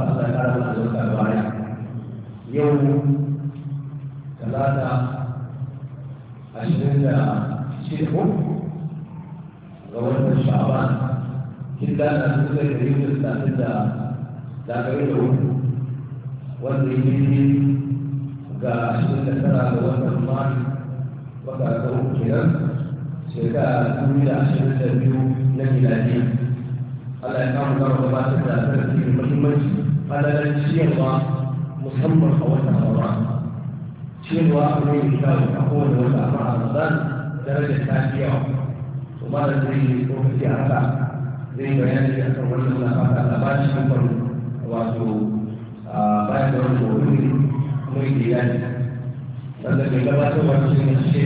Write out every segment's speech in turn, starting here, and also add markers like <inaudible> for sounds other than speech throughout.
Allah ya kara mana zuwa baya yau talata ashirin da shida ga wannan sha'aban kin da na zuwa da yin tsarin da zagaye da wani wanda yi ga ashirin da tara ga wannan mari wata ga uku shekara dubu ashirin da biyu na miladiya Allah ya kama zama gabatar da darasi mai muhimmanci falalar ciyarwa musamman a watan Ramadan ciyarwa abu ne mai kyau a kowane wata amma a Ramadan darajar ta fi yawa to malam zai yi lokaci a haka zai bayani a kan wannan labarin labarin shi kan wato bayan da wani wuri mai da yaki wanda mai gabatarwa shi ne shi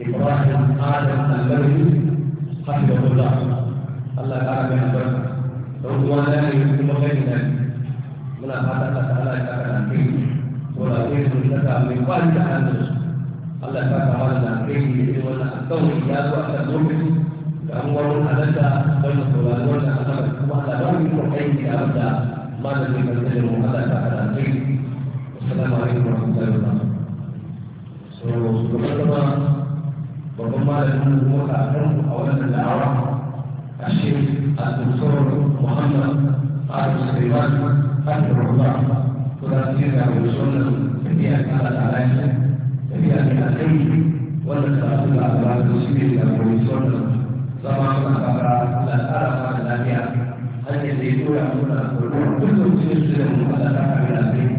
Ibrahim Adam Al-Lawi Hafizahullah Allah ta mai albarka don kuma na ne kuma kai na muna fata Allah ta'ala ya kaka na kai wala kai sun saka mai kwari da hannun su Allah ta kama da kai ne irin wannan alƙawari ya zo a kan lokaci ga an wani halatta don saurari wannan al'amari kuma Allah ba mu kuma kai da abin da malamin kan da mu Allah ta kaka na kai assalamu alaikum warahmatullahi wabarakatuh so kuma babban malamin mu kuma ka kan a wannan da'awa الشيخ الدكتور محمد قادم سليمان حفظه الله تراثير والسنة جميع كانت عليه جميع الأخير والنسبة على المسلمين والسنة سواء على الأربعة هل يزيدون يكون هنا كل مسلم على الأربعة الأبيات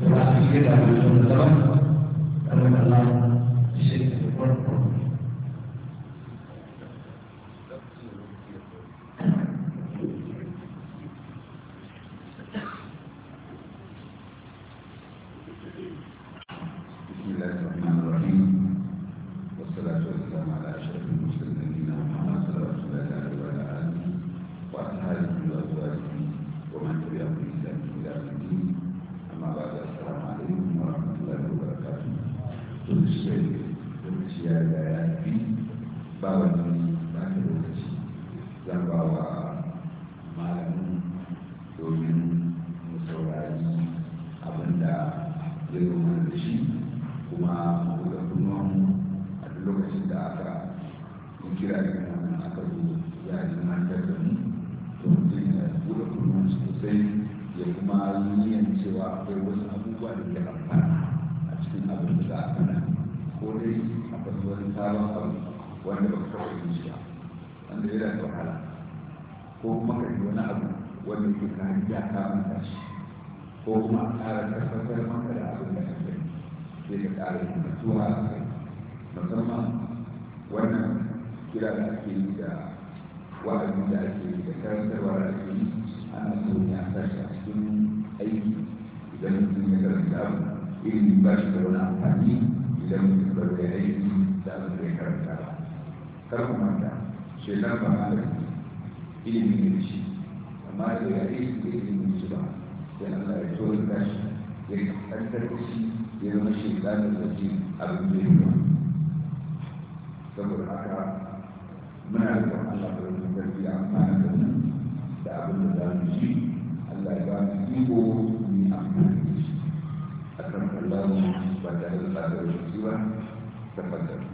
تراثير والسنة أمين الله الشيخ ba wani ba ta lokaci zan ba wa malamin domin mu saurari abin da ya zo mana da shi kuma mu da kuma a duk lokacin da aka yi kira da kuma aka zo ya yi mantar da mu to mutum ya buɗe kuma sosai ya kuma yi cewa akwai wasu abubuwa da ke amfana misalan kwallo wanda ba ka taɓa yi ba wanda yana da wahala ko kuma ka yi wani abu wanda ke ka hanya ka manta shi ko kuma a ƙara tabbatar maka da abin da kake sai ka ƙara yin mutuwa a kai musamman wannan kira da ake yi da wa'azi da ake yi da karantarwa da ake yi ana so ne a sashi a cikin aiki idan mutum ya karanta abu ilimi ba shi da wani amfani idan mutum ba da aiki da ya karanta ba kar ku manta shekar ba malami ilimi ne shi amma da ya yi da ilimin shi ba sai Allah ya tori tashi ya shi ya zama shi da zaki abin da ya ba saboda haka muna da Allah da wani zarfi a amfani da nan da abin da za mu ci Allah ya ba mu iko mu amfani da shi akan Allah ba tare da tsadar shi ba tabbatar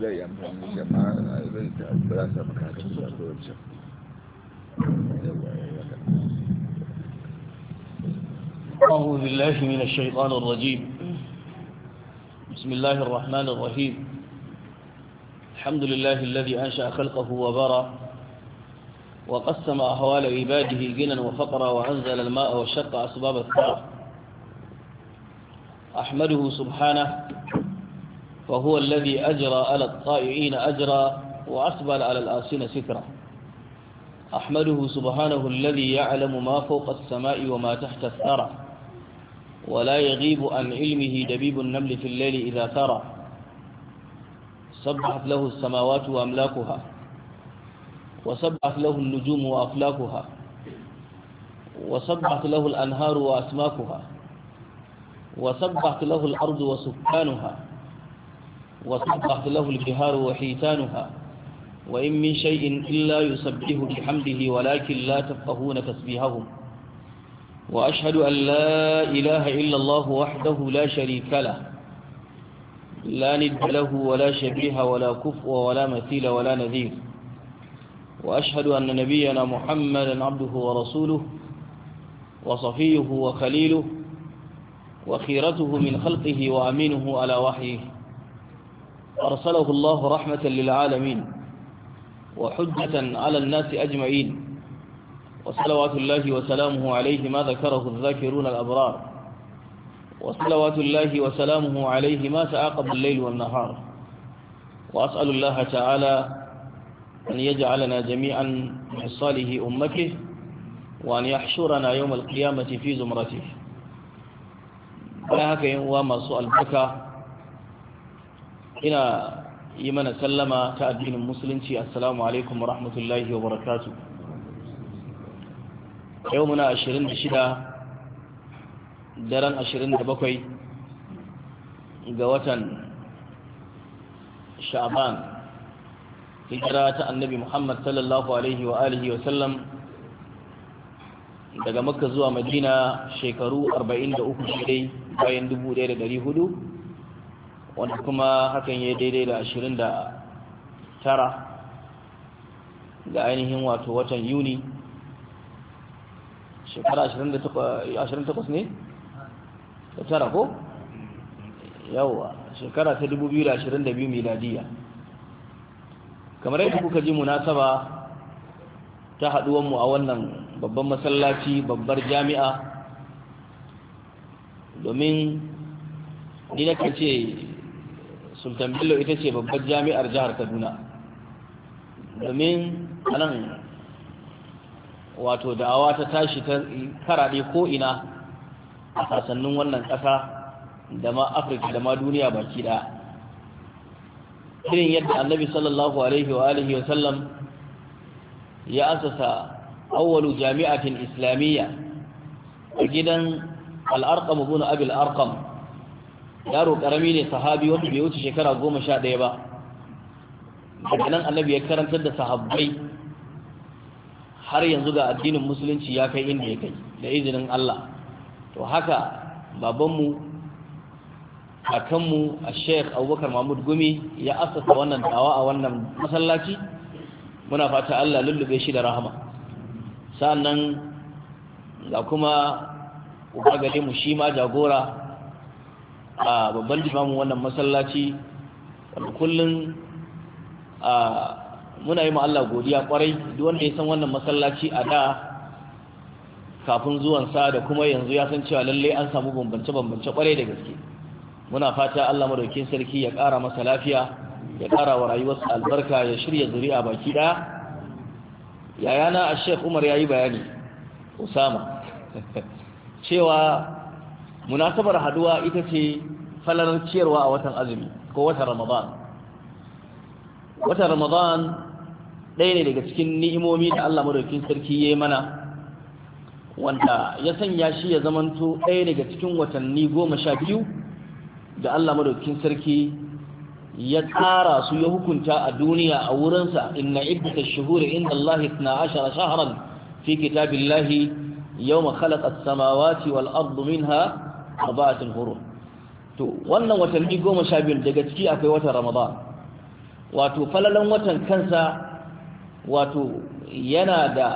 zai amfani da shama zai ta ba za أعوذ بالله من الشيطان الرجيم بسم الله الرحمن الرحيم الحمد لله الذي أنشأ خلقه وبرى وقسم أحوال عباده غنى وفقرا وأنزل الماء وشق أسباب الثرى أحمده سبحانه فهو الذي أجرى على الطائعين أجرى وأقبل على الآسين سترا أحمده سبحانه الذي يعلم ما فوق السماء وما تحت الثرى ولا يغيب عن علمه دبيب النمل في الليل إذا ثرى سبحت له السماوات وأملاكها وسبحت له النجوم وأفلاكها وسبحت له الأنهار وأسماكها وسبحت له الأرض وسكانها وسبحت له البهار وحيتانها وإن من شيء إلا يسبح بحمده ولكن لا تفقهون تسبيحهم وأشهد أن لا إله إلا الله وحده لا شريك له لا ند له ولا شبيه ولا كفء ولا مثيل ولا نذير وأشهد أن نبينا محمدا عبده ورسوله وصفيه وخليله وخيرته من خلقه وأمينه على وحيه أرسله الله رحمة للعالمين وحجة على الناس أجمعين وصلوات الله وسلامه عليه ما ذكره الذاكرون الأبرار وصلوات الله وسلامه عليه ما تعاقب الليل والنهار وأسأل الله تعالى أن يجعلنا جميعا من صالح أمته وأن يحشرنا يوم القيامة في زمرته لا هكذا وما سؤال بكى ina yi mana sallama ta addinin musulunci assalamu alaikum wa rahmatullahi wa barakatu yau muna 26 daren 27 ga watan sha'aban hijira ta annabi muhammad sallallahu alaihi wa alihi wa sallam daga makka zuwa madina shekaru 43 bayan 1400 wanda kuma hakan ya daidai da ashirin da tara ga ainihin wato watan yuni shekara ashirin takwas ne da tara ko yawa shekara ta dubu biyu da da biyu miladiya kamar yadda kuka ji munasaba ta haduwanmu a wannan babban masallaci babbar jami'a domin ni na ce sultan bello ita ce babbar jami'ar jihar kaduna domin anan wato da'awa ta tashi ta karaɗe ko'ina a sasannin wannan ƙasa da ma afirka da ma duniya baki ɗaya irin yadda annabi sallallahu alaihi wa alihi wa sallam ya asasa awwalu jami'atin islamiyya a gidan al'arqam ibn abil arqam yaro karami ne sahabi wanda bai wuce shekara goma sha ɗaya ba daga nan annabi ya karantar da sahabbai har yanzu ga addinin musulunci ya kai inda ya kai da izinin Allah to haka babanmu kakanmu a sheikh abubakar mahmud gumi ya asasa wannan dawa a wannan masallaci muna fata Allah lullube shi da rahama nan ga kuma ubagare mu shi ma jagora a babban limamin wannan masallaci kullum muna yi Allah godiya kwarai duk wanda ya san wannan masallaci a da kafin zuwansa da kuma yanzu ya san cewa lallai an samu bambance-bambance kwarai da gaske muna fata Allah madaukin sarki ya kara masa lafiya ya kara wa rayuwarsa albarka ya shirya zuri'a baki ɗaya yayana a shek umar ya yi bayani usama <laughs> cewa munasabar haduwa ita ce falalar ciyarwa a watan azumi ko watan ramadan watan ramadan ɗaya ne daga cikin ni'imomi da Allah madaukakin sarki ya yi mana wanda ya sanya shi ya zamanto ɗaya daga cikin watanni goma sha biyu da Allah madaukakin sarki ya tsara su ya hukunta a duniya a wurinsa inna iddata shuhuri inda Allah ashara shahran fi kitabillahi yau ma as-samawati wal min ha arba'atul hurum to wannan watanni goma sha biyu daga ciki akwai watan ramadan wato falalan watan kansa wato yana da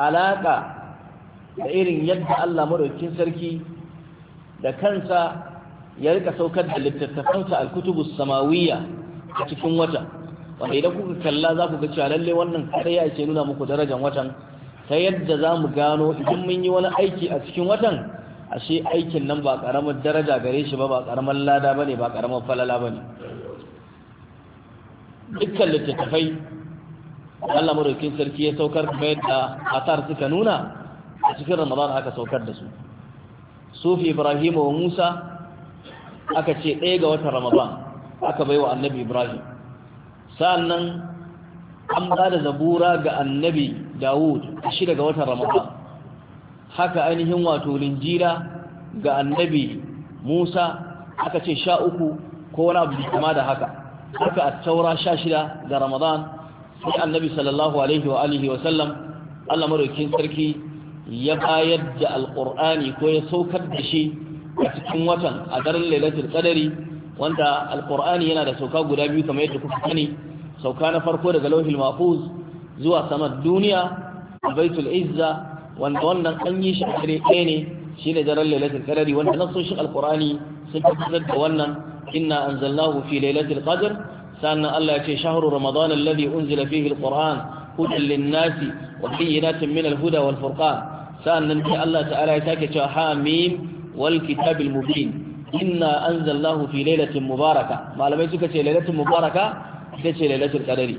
alaka da irin yadda Allah madaukakin sarki da kansa ya rika saukar da littattafansa al-kutubus samawiyya a cikin wata wanda idan kuka kalla za ku ga cewa lalle wannan kadai ake nuna muku darajar watan ta yadda za mu gano idan mun yi wani aiki a cikin watan ashe aikin nan ba karamar daraja gare shi ba ba karamin lada bane ba karamin falala bane dukkan littattafai Allah madaukin sarki ya saukar kuma yadda asar suka nuna a cikin Ramadan aka saukar da su sufi Ibrahim wa Musa aka ce ɗaya ga watan Ramadan aka bai wa annabi Ibrahim sannan an ba da zabura ga annabi Dawud a shida ga watan Ramadan haka ainihin wato linjira ga annabi Musa aka ce sha uku ko wani abu kama da haka haka a taura sha shida ga Ramadan sai annabi sallallahu alaihi wa alihi wa sallam Allah maraukin sarki ya bayar da alƙur'ani ko ya saukar da shi a cikin watan a daren lailatul qadari wanda alƙur'ani yana da sauka guda biyu kamar yadda kuka sani sauka na farko daga lauhil mahfuz zuwa samad duniya baitul izza wanda wannan an yi shi a dare ɗaya ne shi ne daren lailatul qadari wanda nasoshin alqur'ani sun tabbatar da wannan inna anzalnahu fi lailatul qadr sannan Allah ya ce shahru ramadan alladhi unzila fihi alqur'an hudan lin-nasi wa bayyinatin min al-huda wal-furqan sannan sai Allah ta'ala ya sake cewa hamim wal kitabil mubin inna anzalnahu fi lailatin mubaraka malamai suka ce lailatul mubaraka ita ce lailatul qadari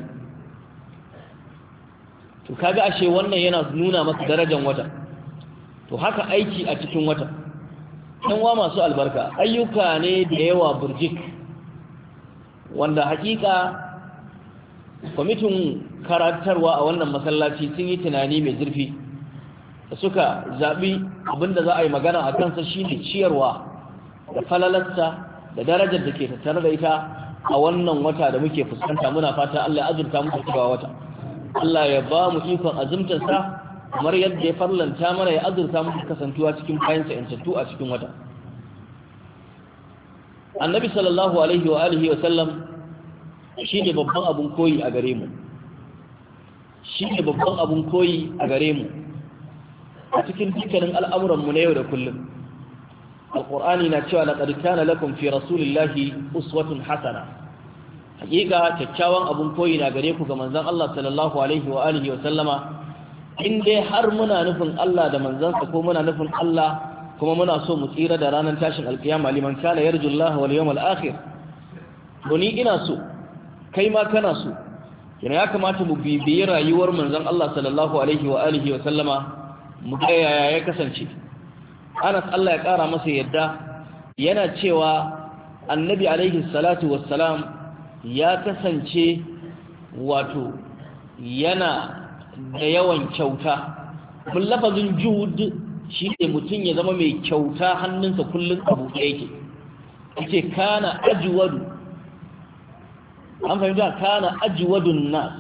to kaga ashe wannan yana nuna maka darajar wata to haka aiki a cikin wata ɗan wa masu albarka ayyuka ne da yawa burjik wanda hakika kwamitin karatarwa a wannan masallaci sun yi tunani mai zurfi da suka zaɓi abinda za a yi magana a kansa shi ne ciyarwa da falalarsa da darajar da ke tattare da ita a wannan wata da muke fuskanta muna fata Allah ya azurta muku cewa wata Allah ya ba mu ikon azumtarsa kamar yadda ya farlanta mana ya azurta mu kasantuwa cikin bayansa yantattu a cikin wata annabi sallallahu alaihi wa alihi wa sallam shine babban abun koyi a gare mu shine babban abun koyi a gare mu a cikin dukkanin al'amuranmu na yau da kullum alqur'ani na cewa laqad kana lakum fi rasulillahi uswatun Hassana. hakika kyakkyawan abun koyi na gare ku ga manzon Allah sallallahu alaihi wa alihi wa sallama in dai har muna nufin Allah da manzansa ko muna nufin Allah kuma muna so mu tsira da ranar tashin alkiyama liman kana yarjullaha wal yawmal akhir ni ina so kai ma kana so yana ya kamata mu bibiyi rayuwar manzon Allah sallallahu alaihi wa alihi wa sallama mu ga yaya ya kasance Anas Allah ya kara masa yadda yana cewa annabi alaihi salatu wassalam ya kasance wato yana da yawan kyauta mun lafazin juhud shi ne mutum ya zama mai kyauta hannunsa kullum abu da yake ake kana ajiwadu an fahimta kana ajiwadun nas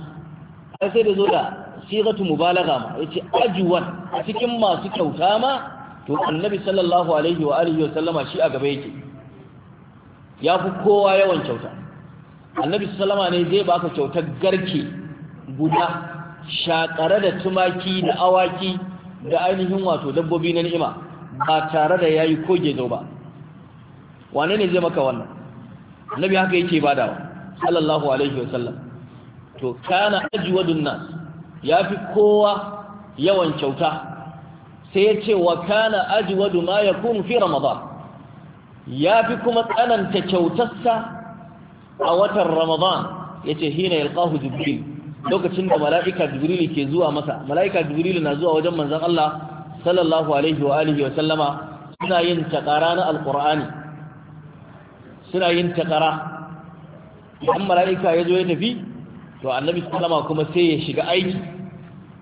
ai sai da zo da siratu mubalaga ma ce ajiwad a cikin masu kyauta ma to annabi sallallahu alaihi wa alihi wa sallama shi a gaba yake fi kowa yawan kyauta annabi sallama ne zai baka kyautar garke guda shakare da tumaki da awaki da ainihin wato dabbobi na ni'ima ba tare da yayi koge zo ba wane ne zai maka wannan annabi haka yake badawa sallallahu alaihi wa sallam. to kana ajwadun nas yafi kowa yawan kyauta sai yace wa kana ajwadu ma yakun fi ramadan yafi kuma tsananta kyautarsa a watan ramadan ce, hina yalqahu jibril lokacin da mala'ika jibril ke zuwa masa mala'ika jibril na zuwa wajen manzon Allah sallallahu alaihi wa alihi wa sallama suna yin takara na alqur'ani suna yin takara idan mala'ika ya zo ya nabi to annabi sallama kuma sai ya shiga aiki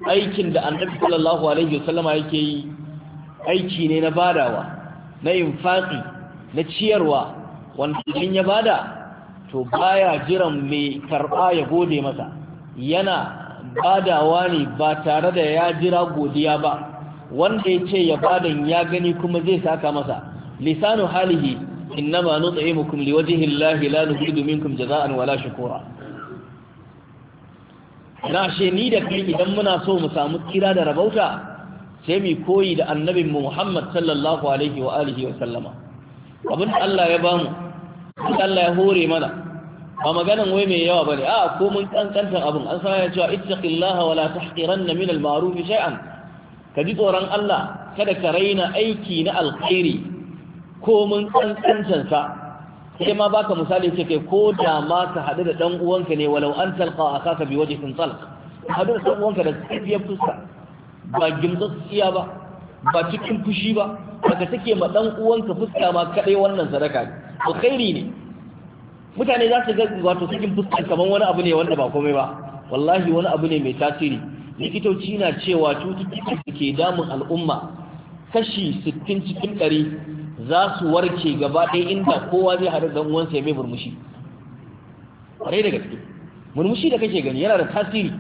aikin da annabi sallallahu alaihi sallama yake yi aiki ne na badawa na infaqi na ciyarwa wanda idan ya bada to baya jiran mai karɓa ya gode masa yana badawa ne ba tare da ya jira godiya ba wanda ya ce ya badan ya gani kuma zai saka masa lisanu halihi innama nut'imukum liwajhi llahi la nuridu minkum jaza'an wala shukura na she ni da kai idan muna so mu samu kira da rabauta sai mu koyi da annabin mu Muhammad sallallahu alaihi wa alihi wa sallama abin Allah ya bamu Allah ya hore mana ba maganan wai mai yawa bane a ko mun kankantar abin an sanar cewa ittaqillaha wala tahqiranna min al-ma'ruf shay'an ka ji tsoron Allah kada ka raina aiki na alkhairi ko mun kankantar sa sai ma baka misali ce kai ko da ma ka hadu da dan uwanka ne walau an talqa akaka bi wajhin talq hadu da dan uwanka da tsiyar fuska ba gimtsatsiya ba ba cikin fushi ba baka take ma dan uwanka fuska ma kadai wannan sadaka ne alkhairi ne mutane za su ga wato cikin fuskar kaman wani abu ne wanda ba komai ba wallahi wani abu ne mai tasiri likitoci na cewa cututtukan da ke damun al'umma kashi 60 cikin 100 za su warke gaba ɗaya inda kowa zai haɗu da uwansa ya mai murmushi ƙwarai da gaske murmushi da kake gani yana da tasiri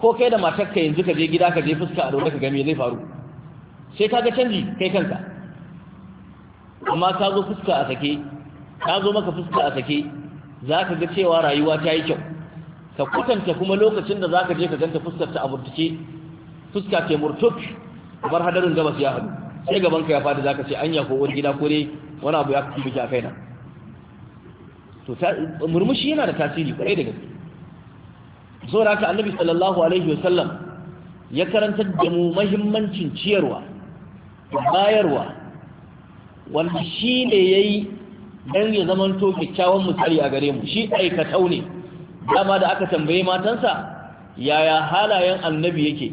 ko kai da matakka yanzu ka je gida ka je fuska a ɗaure ka ga zai faru sai ka ga canji kai kanka amma ka zo fuska a sake ka zo maka fuska a sake za ka ga cewa rayuwa ta yi kyau ka kutanta kuma lokacin da za ka je ka ganta fuskar ta amurtuke fuska ke murtuk bar hadarin gabas ya hadu sai gaban ka ya fadi za ka ce anya ko wani gida ko dai wani abu ya kafi biki a kaina to murmushi yana da tasiri kwarai da gaske saboda haka annabi sallallahu alaihi wasallam ya karantar da mu muhimmancin ciyarwa bayarwa wanda shi ne ya yi don ya zamanto kyakkyawan misali a gare mu shi aikatau ne dama da aka tambaye matansa yaya halayen annabi yake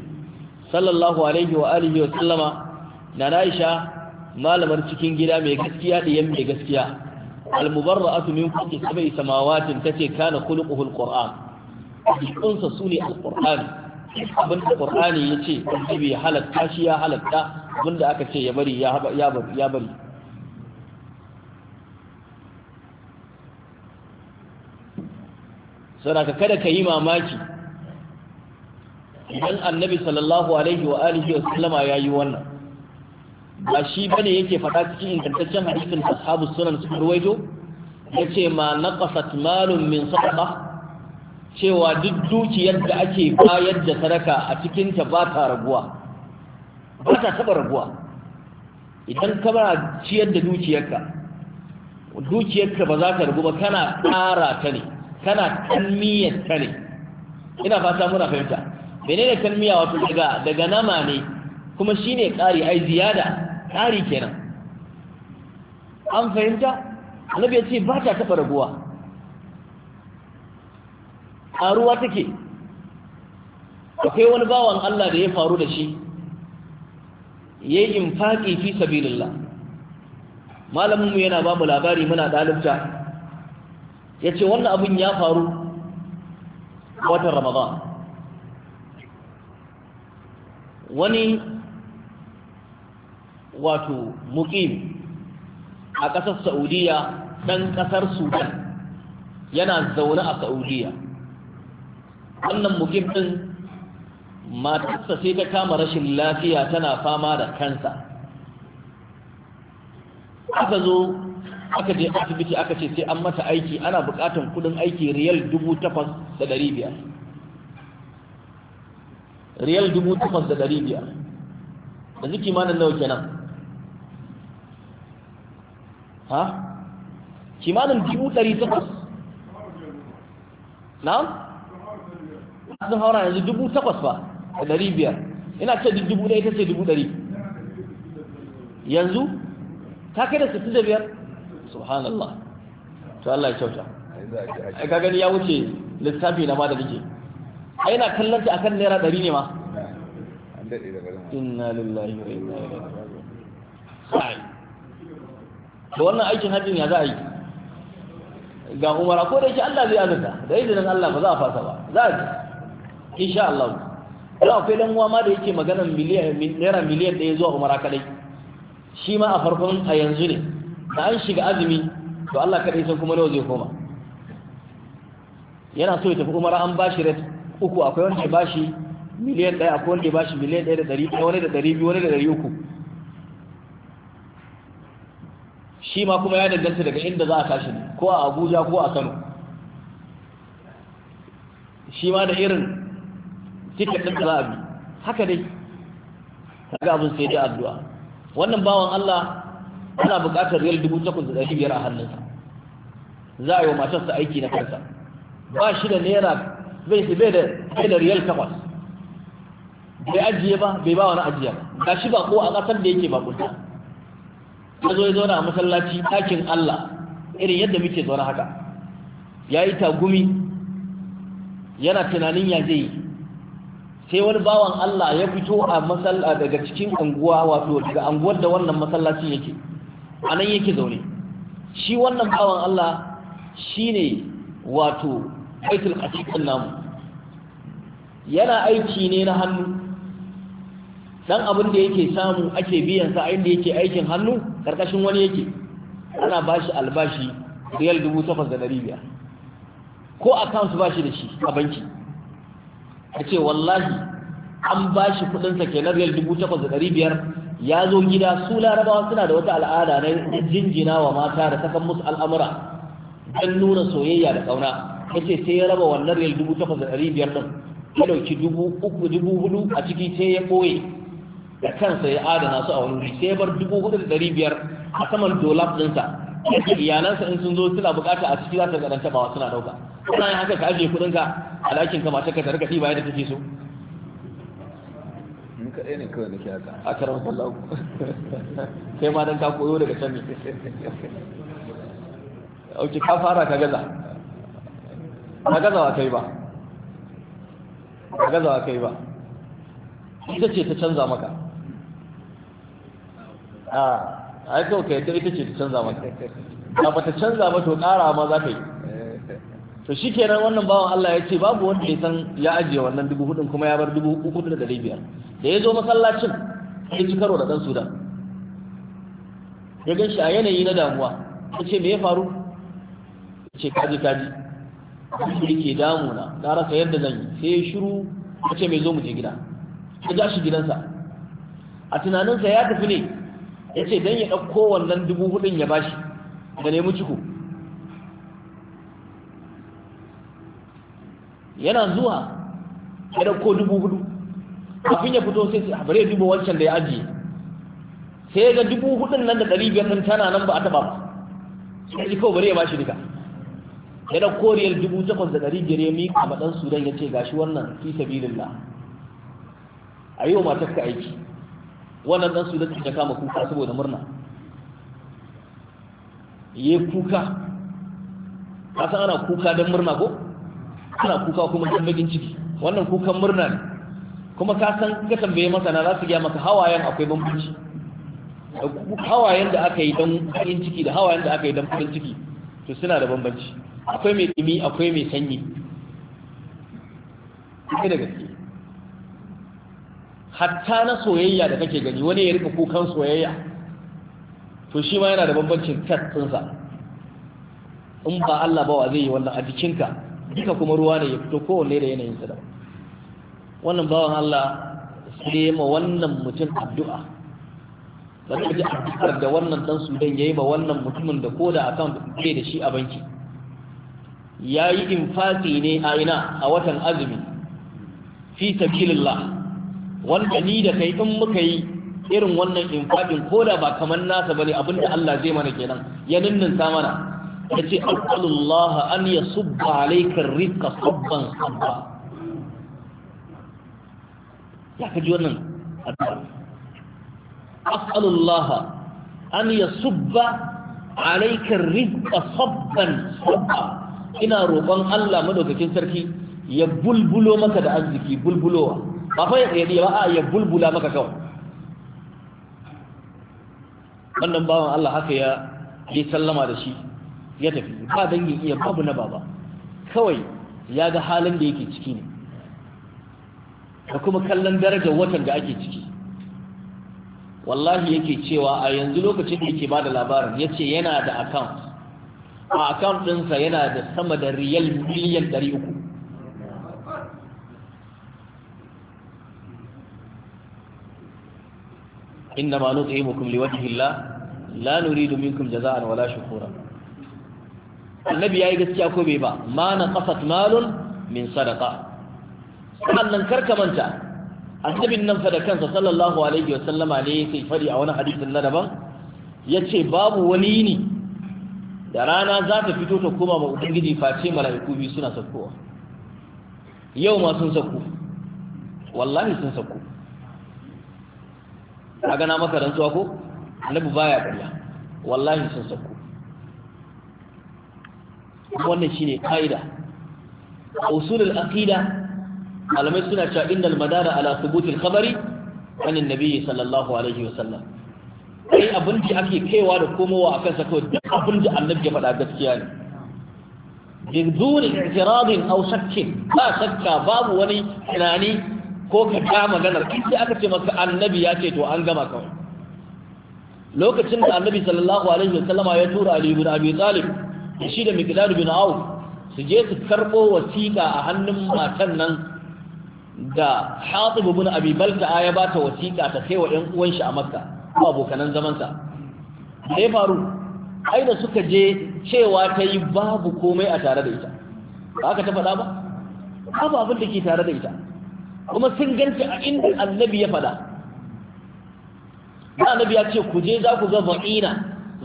sallallahu alaihi wa alihi wa sallama na Aisha malamar cikin gida mai gaskiya da yan mai gaskiya almubarra'atu min kulli sab'i samawatin tace kana khuluquhu alquran kunsa sune alquran abin da qur'ani ya ce ubangiji ya halatta shi ya halatta abin da aka ce ya bari ya bari ya ka kada ka yi mamaki idan annabi sallallahu alaihi wa alihi wa sallama ya yi wannan ba shi bane yake faɗa cikin ingantaccen hadisin ashabu sunan su ya ce ma naqasat malun min sadaka cewa duk dukiyar da ake bayar da sadaka a cikinta ba ta raguwa ba ta taɓa raguwa idan ka ba ciyar da dukiyarka dukiyarka ba za ta ragu ba kana ƙara ta ne kana kalmiyar ta ne ina fata muna fahimta menene kalmiya wato daga daga nama ne kuma shine ƙari ai ziyada ƙari kenan an fahimta annabi ya ce ba ta taɓa raguwa a ruwa take akwai wani bawan Allah da ya faru da shi ya yi infaƙi fi sabilillah malaminmu yana ba mu labari muna ɗalibta ya ce wannan abin ya faru watan ramadan wani wato mukim a ƙasar saudiya ɗan ƙasar sudan yana zaune a saudiya wannan mukim ɗin matarsa sai ta kama rashin lafiya tana fama da kansa aka zo aka je asibiti aka ce sai an mata aiki ana bukatan kudin aiki riyal dubu takwas da ɗari biyar riyal dubu takwas da ɗari biyar da ziki manin nawa kenan ha kimanin dubu ɗari takwas na? sun haura yanzu dubu takwas ba da ɗari biyar ina ce dubu ɗaya ita ce dubu ɗari yanzu ta kai da sittin da biyar subhanallah to Allah ya kyauta ai ka gani ya wuce lissafi na ma da nake ai na kallon ta akan naira ɗari ne ma inna lillahi wa inna ilaihi raji'un to wannan aikin hajjin ya za a yi ga umara ko da yake Allah zai azurta da izinin Allah ba za a fasa ba za a insha Allah Allah akwai dan uwa ma da yake magana miliyan naira miliyan ɗaya zuwa umar kadai shi ma a farkon a yanzu ne da an shiga azumi to Allah kadai san kuma nawa zai koma yana so ya tafi umar an bashi rat uku akwai wanda ya bashi miliyan ɗaya akwai wanda ya bashi miliyan ɗaya da ɗari ɗaya wani da ɗari biyu wani da ɗari uku shi ma kuma ya danganta daga inda za a tashi ko a Abuja ko a Kano shi ma da irin tiket ɗin za a bi haka dai ga abin sai dai addu'a wannan bawan Allah ana buƙatar riyal dubu takwas da ɗari biyar a hannunsa za a yi wa matarsa aiki na kansa ba shi da naira bai su bai da bai da riyal takwas bai ajiye ba bai ba wani ajiya ba ga shi ba ko a ƙasar da yake bakunta ya zo ya zauna a masallaci ɗakin Allah irin yadda muke zaune haka ya yi tagumi yana tunanin ya zai yi sai wani bawan Allah ya fito a masalla daga cikin anguwa wato daga anguwar da wannan masallacin yake a nan yake zaune shi wannan bawan Allah shi ne wato baitul qasiqan namu yana aiki ne na hannu dan abin da yake samu ake biyan sa inda yake aikin hannu karkashin wani yake ana bashi albashi riyal biya ko account shi da shi a banki a ce wallahi an ba shi kudinsa ke nariyar dubu takwas da ɗari biyar ya zo gida su larabawa suna da wata al'ada na jinjina wa mata da sakan musu al'amura don nuna soyayya da ƙauna ya ce sai ya raba wannan riyal dubu takwas da ɗari biyar ɗin ya ɗauki dubu uku dubu hudu a ciki sai ya ɓoye da kansa ya adana su a wani sai ya bar dubu hudu da ɗari biyar a saman dolaf ɗinsa iyalansa in sun zo suna bukata a ciki za ta ga dan suna dauka kana yin haka ka ajiye kudin ka alakin ka mace ka ta rika ɗiba yadda take so in ka ne kawai da kyata a karan ku kai ma don ka koyo daga can ne auki ka fara ka gaza ka gaza wa kai ba ka gaza wa kai ba ita ce ta canza maka a ah, ai kawai ka yadda ita ce ta canza maka ba ta canza ba to ƙara ma za ka yi to shi kenan wannan bawan Allah ya ce babu wanda ya san ya ajiye wannan dubu hudun kuma ya bar dubu uku da ɗari biyar da ya zo masallacin ya ci karo da ɗan sudan ya gan shi a yanayi na damuwa ya ce me ya faru ya ce kaji kaji ya ke damuna na rasa yadda zan yi sai ya shiru ya ce mai zo mu je gida ya ja shi gidansa a tunaninsa ya tafi ne ya ce don ya ɗauko wannan dubu hudun ya bashi da nemi ciko yana zuwa ya dauko dubu hudu kafin ya fito sai a ah, bare duba wancan da ya ajiye sai ga dubu hudun nan da ɗari biyar ɗin tana nan ba a taɓa ba sai ji kawai bare ya bashi duka ya dauko riyar dubu takwas da ɗari biyar ya miƙa ma ɗan sudan ya ce gashi wannan fi sabilillah a yi wa matar ka aiki wannan ɗan sudan ta kama kuka saboda murna ya kuka ka san ana kuka don murna ko ana kuka kuma jin bakin ciki wannan kukan murna ne kuma ka san ka tambaye masana za su gaya maka hawayen akwai bambanci hawayen da aka yi don bakin ciki da hawayen da aka yi don farin ciki to suna da bambanci akwai mai dumi akwai mai sanyi kai da gaske hatta na soyayya da kake gani wani ya rika kukan soyayya to shi ma yana da bambancin tattinsa in ba Allah ba wa zai yi wannan a jikinka duka kuma ruwa ne ya fito kowanne da yanayin sa da wannan bawan Allah sai ma wannan mutum addu'a ba ta ji addu'ar da wannan dan Sudan yayi ma wannan mutumin da koda kan bai da shi a banki Ya yi infati ne a ina a watan azumi fi sabilillah wanda ni da kai in muka yi irin wannan infadin koda ba kamar nasa ba bane abinda Allah zai mana kenan ya ninninta mana ya ce alƙalullaha an ya subba alaikar rika sabban sabba ya kaji wannan addu'a as'alullaha an ya subba alaikar rika sabban sabba ina roƙon Allah madaukakin sarki ya bulbulo maka da arziki bulbulowa ba fa ya tsaye ba a ya bulbula maka kawai wannan bawan Allah haka ya yi sallama da shi ya tafi ba dangin iya babu na baba kawai ya ga halin da yake ciki ne da kuma kallon darajar watan da ake ciki wallahi yake cewa a yanzu lokacin da yake da labarin ya ce yana da account a account ɗinsa yana da sama da riyal miliyan 300 inda ma nutse mukum liwajihillah la nuridu minkum jaza'an wala shukura annabi yayi gaskiya ko bai ba ma na qasat malun min sadaqa sannan karka manta annabin nan fa da kansa sallallahu alaihi wa sallama ne yake fari a wani hadisin na daban yace babu wani ne da rana za ta fito ta koma ba ubangiji face mala'iku biyu suna sakkowa yau ma sun sakko wallahi sun sakko a gana maka rantsuwa ko annabi baya ƙarya wallahi sun sakko wannan shi shine kaida usulul aqida malamai suna cewa innal madara ala thubutil khabari an annabi sallallahu alaihi wa sallam. ai abin da ake kaiwa da komowa akan sa kawai duk abin da annabi ya faɗa gaskiya ne بدون اعتراض او شك ba shakka, babu wani tunani ko ka ga maganar sai aka ce maka annabi ya ce to an gama kawai lokacin da annabi sallallahu alaihi wa wasallama ya tura ali ibn abi talib da shi da miqdad bin awu su je su karbo wasiƙa a hannun matan nan da Hatib ibn Abi Balta ya ba ta wasiƙa ta kai wa ɗan uwan shi a Makka ko abokanan zamansa sa sai faru ai da suka je cewa ta yi babu komai a tare da ita ba aka ta faɗa ba babu abin da ke tare da ita kuma sun ganci a inda annabi ya faɗa da annabi ya ce ku je za ku ga va'ina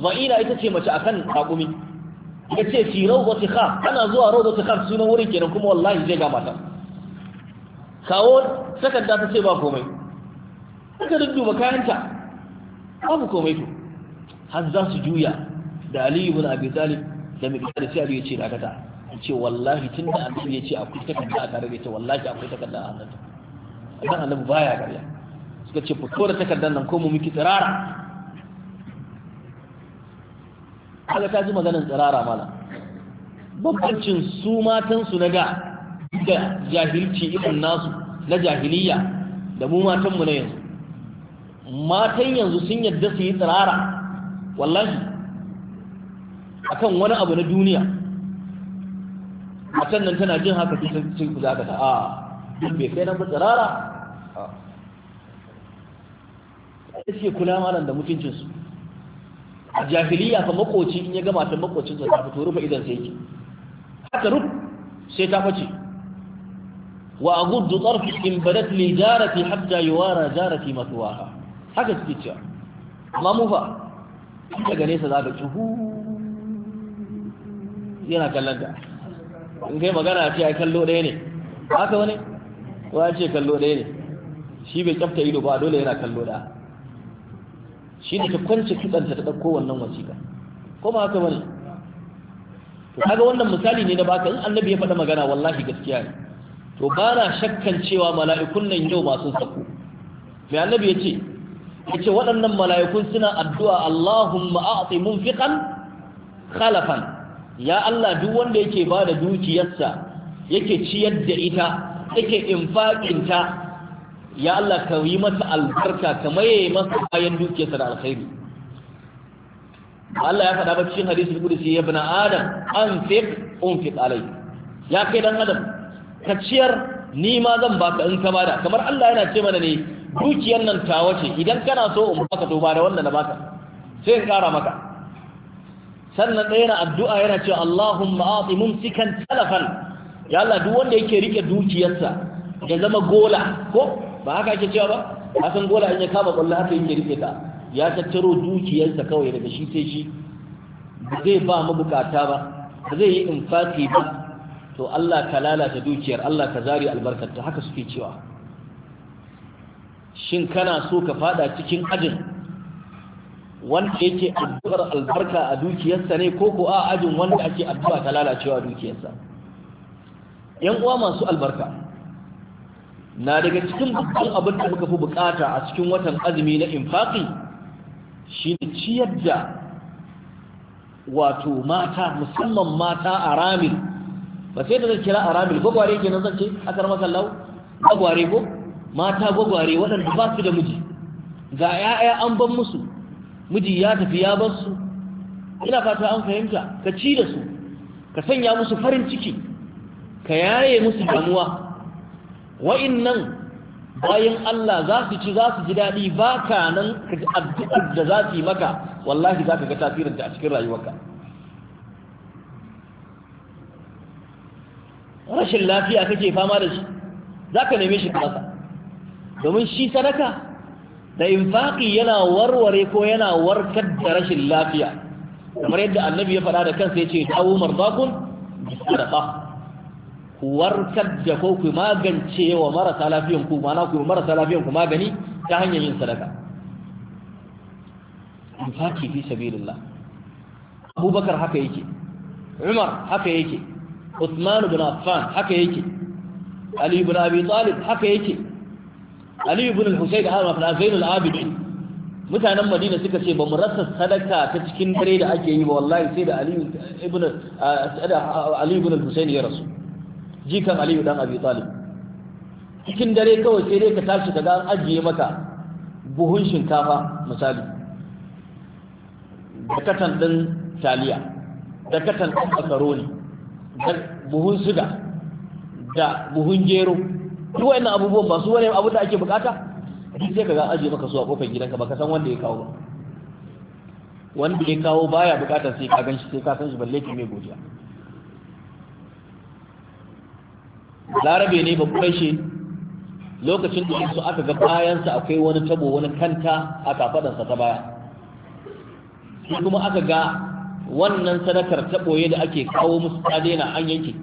va'ina ita ce mace akan raƙumi ya ce fi rawdati khaf ana zuwa rawdati khaf sunan wurin kenan kuma wallahi zai ga mata kawo takarda ta ce ba komai aka dudduba kayanta babu komai to har za su juya da Ali ibn Abi Talib da mai da sai Ali ya ce dakata ce wallahi tun da annabi ya ce akwai takarda a tare da ita wallahi akwai takarda a hannunta annabi annabi baya garya. suka ce fito da takardar nan ko mu miki tsirara haka ta ji maganin tsirara mana bambancin su matansu na da da jahilci irin nasu na jahiliya da mu matanmu na yanzu matan yanzu sun yadda su yi tsirara wallahi akan wani abu na duniya matan nan tana jin haka cikin ku za ka ta a duk bai kai na ba tsirara a ce kula malam da mutuncinsu a jahiliya fa makoci in ya gama ta makocin ta ta fito rufe idan sai yake haka ruf sai ta fice wa aguddu tarfi in badat li jarati hatta yuwara jarati matwaha haka suke cewa amma mu fa daga nesa za ka tuhu yana kallon ka in kai magana ce ai kallo ɗaya ne haka wani wa ce kallo ɗaya ne shi bai kyafta ido ba dole yana kallo ɗaya shi ne ta kwance kitsanta ta ɗauko wannan wasiƙa ko ba haka wani to kaga wannan misali ne na baka in annabi ya faɗa magana wallahi gaskiya ne to ba na shakkan cewa mala'ikun nan yau ba sun sako mai annabi ya ce ya ce waɗannan mala'ikun suna addu'a Allahumma a'ati munfiqan khalafan ya Allah duk wanda yake ba da dukiyarsa yake ciyar da ita yake infaƙinta ya Allah ka yi masa albarka ka maye masa bayan dukiyarsa da alkhairi Allah ya faɗa ba cikin hadisul sai ya ibn adam An fi anfiq unfiq alai ya kai dan adam ka ciyar ni ma zan baka in ka bada kamar Allah yana ce mana ne dukiyar nan ta wace idan kana so in baka to bada wanda na baka sai in ƙara maka sannan ɗaya na addu'a yana cewa Allahumma a'ti mumsikan talafan ya Allah duk wanda yake rike dukiyarsa ya zama gola ko ba haka ake cewa ba a san gola in ya kama kwallo haka yake rike ta ya tattaro dukiyarsa kawai daga shi sai shi ba zai ba mabukata ba ba zai yi infati ba to Allah ka lalata dukiyar Allah ka zari albarkarta haka suke cewa shin kana so ka fada cikin ajin wanda yake addu'ar albarka a dukiyarsa ne ko ko a ajin wanda ake addu'a ta lalacewa dukiyarsa yan uwa masu albarka na daga cikin dukkan abin da muka fi bukata a cikin watan azumi na infaki shi ne ciyar da wato mata musamman mata a ramil ba sai da zai kira a ramil gwagware ke nan zance a karmar sallau gwagware ko mata gwagware waɗanda ba su da miji ga 'ya'ya an ban musu miji ya tafi ya bar su ina fata an fahimta ka ci da su ka sanya musu farin ciki ka yaye musu damuwa wa'innan bayan Allah za su ci za su ji daɗi ba ka nan addu'ar da za su yi maka wallahi za ka ga tasirinta a cikin rayuwarka rashin lafiya kake fama da shi za ka neme shi ƙasa, domin shi sadaka da infaƙi yana warware ko yana warkar da rashin lafiya kamar yadda annabi ya faɗa da kansa ya ce dawo marzakun da sadaka warkar da ko ku magance wa marasa lafiyan ku mana ku marasa lafiyan ku magani ta hanyar yin sadaka infaki fi sabilillah abubakar haka yake umar haka yake usman ibn affan haka yake ali ibn abi talib haka yake ali ibn al-husayn ahmad ibn zain al-abidin mutanen madina suka ce ba mu rasa sadaka ta cikin dare da ake yi ba wallahi sai da ali ibn eh, ali ibn al-husayn ya rasu jikan aliyu dan abi talib cikin dare kawai sai dai ka tashi ka ga an ajiye maka buhun shinkafa misali da katan din taliya da katan din makaroni da buhun suga da buhun gero duk wannan abubuwan ba su wani abu da ake bukata duk sai ka ga ajiye maka su a kofar gidanka ba ka san wanda ya kawo ba wanda ya kawo baya bukatar sai ka ganshi sai ka san shi balle ki mai godiya larabe ne ba shi lokacin da su aka ga bayansa akwai wani tabo wani kanta a kafadansa ta baya su kuma aka ga wannan sadakar taboye da ake kawo musu ta daina an yanke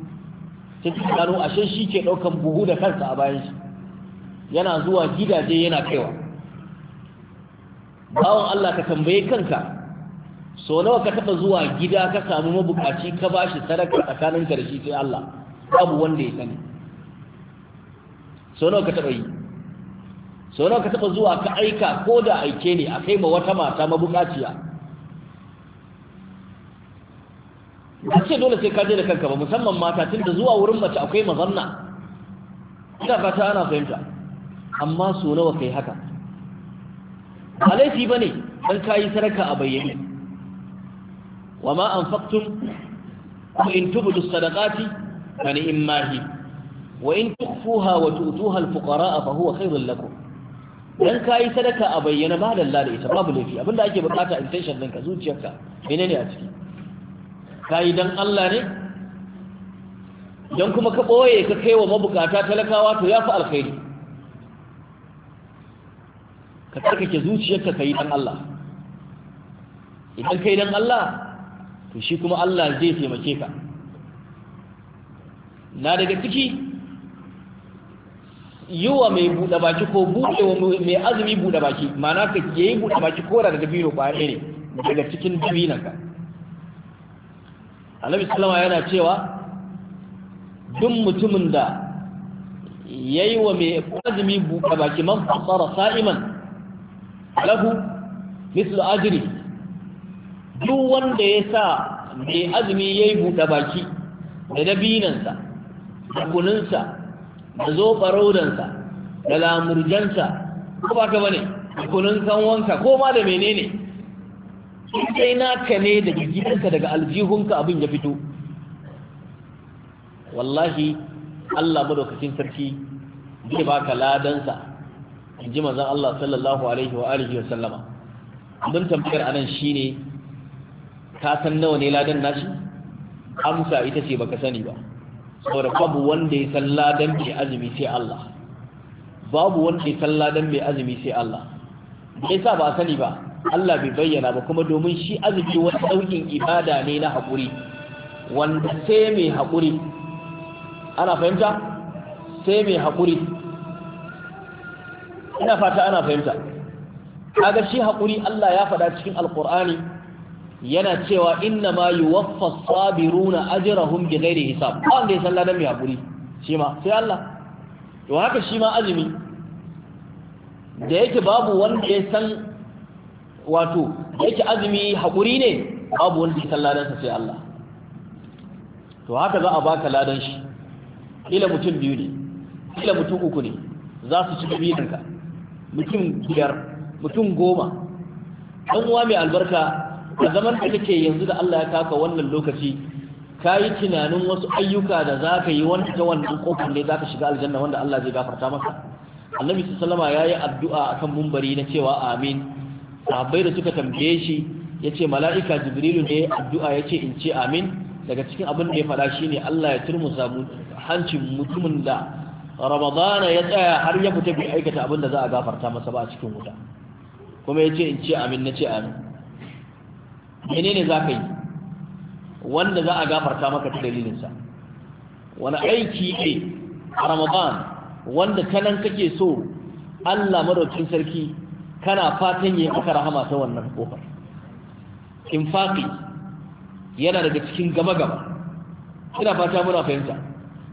sai su gano ashe shi ke ɗaukan buhu da kansa a bayan shi yana zuwa gidaje yana kaiwa bawan Allah ka tambaye kanka so nawa ka taba zuwa gida ka samu mabukaci ka bashi sadaka tsakanin shi, sai Allah babu wanda ya sani sau nawa ka taɓa yi sau nawa ka taɓa zuwa ka aika ko da aike ne a kai ma wata mata mabukaciya a ce dole sai ka je da kanka ba musamman mata tun da zuwa wurin mace akwai mazanna ina fata ana fahimta amma sau nawa kai haka ba laifi ba ne dan kayi saraka a bayyane wa ma ko in tubdu sadaqati fa in mahi wa in tukfuha wa tu'tuha al-fuqara fa huwa khairul lakum dan kai sadaka a bayyana ba da Allah da ita babu laifi abinda ake bukata intention ɗinka zuciyarka menene a ciki kai dan Allah ne dan kuma ka boye ka kaiwa mabukata talakawa to yafi alkhairi ka tsarkake zuciyarka kai dan Allah idan kai dan Allah to shi kuma Allah zai taimake ka na daga ciki yi wa mai buɗe baki ko buɗe wa mai azumi buɗe baki mana ka ke yi buɗe baki ko da dabino kwaye ne daga cikin dabinan ka annabi sallama yana cewa duk mutumin da ya yi wa mai azumi buɗe baki man fasara sa'iman lahu mislu ajri duk wanda ya sa mai azumi ya yi buɗe baki da dabinansa da gunansa da zo faraudansa da lamurjansa ko ba ka bane kunun kanwanka ko ma da menene sai naka ne da gidanka daga aljihunka abin ya fito wallahi Allah madaukakin sarki zai baka ladansa in ji manzon Allah sallallahu alaihi wa alihi wa sallama abin tambayar anan shine ka san nawa ne ladan nashi amsa ita ce baka sani ba saboda babu wanda ya san ladan mai azumi sai Allah babu wanda ya san ladan mai azumi sai Allah me yasa ba sani ba Allah bai bayyana ba kuma domin shi azumi wani ɗaukin ibada ne na haƙuri wanda sai mai haƙuri ana fahimta sai mai haƙuri ina fata ana fahimta ga shi haƙuri Allah ya faɗa cikin alƙur'ani yana cewa inna ma yuwaffas sabiruna ajrahum bighairi hisab wanda ya sallada mai hakuri shi ma sai Allah to haka shi ma azumi da yake babu wanda ya san wato da yake azumi hakuri ne babu wanda ya sallada sa sai Allah to haka za a baka ladan shi kila mutum biyu ne kila mutum uku ne za su ci gabi mutum biyar mutum goma ɗan uwa mai albarka a zaman da kake yanzu da Allah ya kaka wannan lokaci ka yi tunanin wasu ayyuka da za ka yi wani ta wannan kofar ne za ka shiga aljanna wanda Allah zai gafarta maka annabi sallama ya yi addu'a kan mumbari na cewa amin sahabbai da suka tambaye shi ya ce mala'ika jibrilu ne addu'a ya ce in ce amin daga cikin abin da ya faɗa shi ne Allah ya turmusa hancin mutumin da ramadana ya tsaya har ya fita bai aikata abin da za a gafarta masa ba a cikin wuta kuma ya ce in ce amin na ce amin menene za ka yi wanda za a gafarta maka ta dalilinsa wani aiki ne a ramadan wanda kanan kake so allah madaukin sarki kana fatan yi maka rahama ta wannan kofar infaki yana daga cikin gaba-gaba ina fata muna fahimta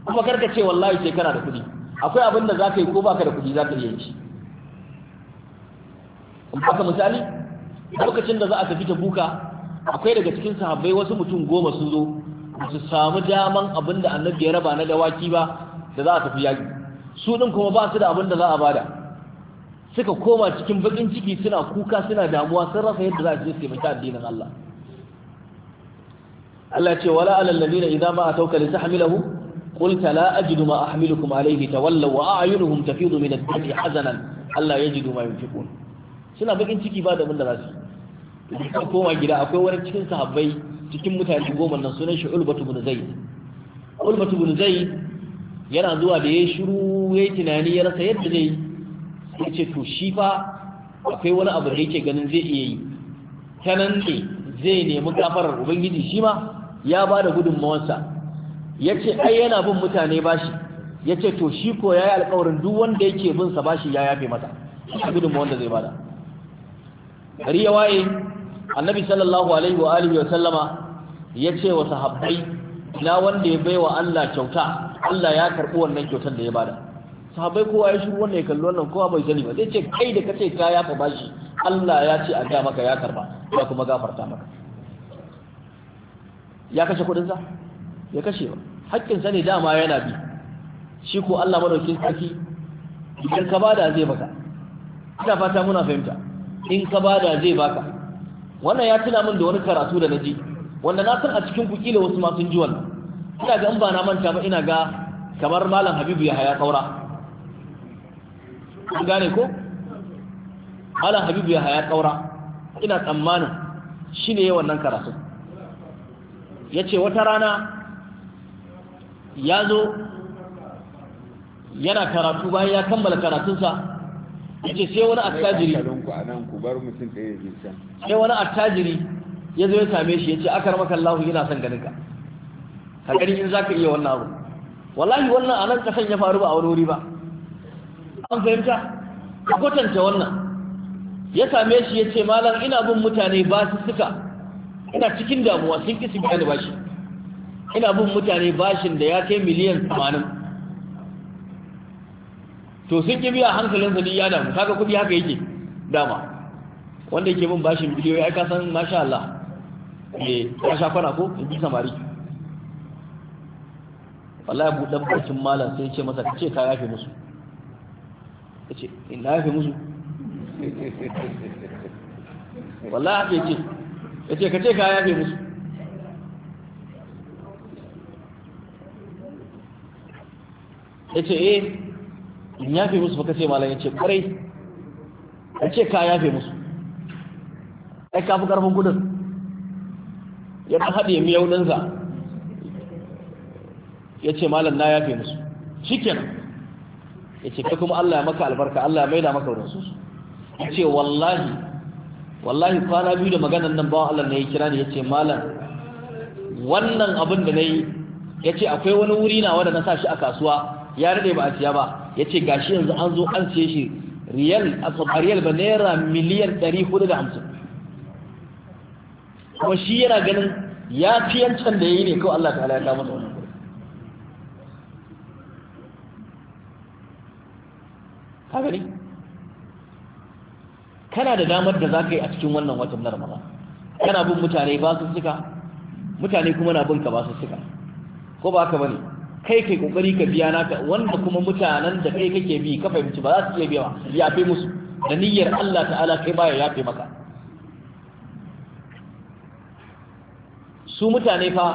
kuma karka ce wallahi sai kana da kuɗi akwai abin da za ka yi ko baka da kuɗi za ka iya yi in baka misali lokacin da za a tafi ta buka akwai daga cikin sahabbai wasu mutum goma sun zo su samu daman abin da annabi ya raba na dawaki ba da za a tafi yaƙi su ɗin kuma ba su da abin da za a bada suka koma cikin baƙin ciki suna kuka suna damuwa sun rasa yadda za a je su taimaki addinin Allah Allah ce wala alal ladina idza ma atawka li tahmilahu qulta la ajidu ma ahmilukum alayhi tawallaw wa a'yunuhum tafidu min ad-dami hazanan Allah yajidu ma yunfiqun suna baƙin ciki ba da da za su da koma gida akwai wani cikin sahabbai cikin mutane goma nan sunan shi ulbatu bin zaid ulbatu bin zaid yana zuwa da yayi shiru yayi tunani ya rasa yadda zai sai ce to shi fa akwai wani abu da yake ganin zai iya yi kanan ne zai nemi gafarar ubangiji shi ma ya ba da gudunmawarsa ya ce ai yana bin mutane shi. ya ce to shi ko ya yi alkawarin duk wanda yake bin sa ba shi ya yafe masa? shi gudunmawar da zai bada gari ya waye annabi sallallahu alaihi wa alihi wa sallama yace wa sahabbai ina wanda ya baiwa Allah kyauta Allah ya karbi wannan kyautar da ya bada sahabbai kowa ya shiru wannan ya kallo wannan kowa bai sani ba zai ce kai da kace ka ya fa bashi Allah ya ce a ga maka ya karba ya kuma gafarta maka ya kashe kudin sa ya kashe ba hakkin sa ne dama yana bi shi ko Allah madaukin sarki idan ka bada zai baka ina fata muna fahimta in ka bada zai baka wannan ya tuna min da wani karatu da naji wanda na san a cikin ku kila wasu ma sun ji wannan ina ga in ba na manta ba ina ga kamar malam Habibu ya haya kaura kun gane ko malam Habibu ya haya kaura ina tsammanin shi ne wannan karatu Ya ce wata rana ya zo yana karatu bayan ya kammala karatunsa yace sai wani attajiri sai wani attajiri ya zo ya same shi yace rama maka Allah yana son ganin ka ka gani in zaka iya wannan abu wallahi wannan anan kasan ya faru ba a wani wuri ba an fahimta ka kwatanta wannan ya same shi yace malam ina bin mutane ba su suka ina cikin damuwa sun kisi bayan da bashi ina bin mutane bashin da ya kai miliyan 80 to sun ki biya hankalin sa ya damu kaga kudi haka yake dama wanda yake bin bashin bidiyo ai ka san masha Allah eh ka sha kwana ko in ji samari wallahi dan bakin malam sai ce masa kace ka yafe musu kace in eh, na yafe musu <laughs> wallahi ake ce kace kace ka yafe musu yace eh in yafe musu baka ce malam ya ce kwarai ya ce ka yafe musu ai ka fi karfin gudun ya ɗan haɗe miyau ɗinsa ya ce malam na yafe musu shi kenan ya ce kai kuma Allah ya maka albarka Allah ya maida maka wurin su ya ce wallahi wallahi kwana biyu da maganan nan bawa Allah na ya kira ni ya ce malam wannan abin da na yi ya ce akwai wani wuri na wanda na sa shi a kasuwa ya rade ba a siya ba ya ce gashi yanzu an zo an ce shi riyal a riyal ba naira miliyan 450 kuma shi yana ganin ya fi yancan da ya yi ne kawai Allah ta'ala ya kama masa wannan kuri ka gani kana da damar da za ka yi a cikin wannan watan na ramadan kana bin mutane ba su suka mutane kuma na bin ka ba su suka ko ba ka bane kai kai kokari ka biya naka wanda kuma mutanen da kai kake bi ka fahimci ba za su iya biya Ya fi musu da niyyar Allah ta'ala kai baya ya fi maka su mutane fa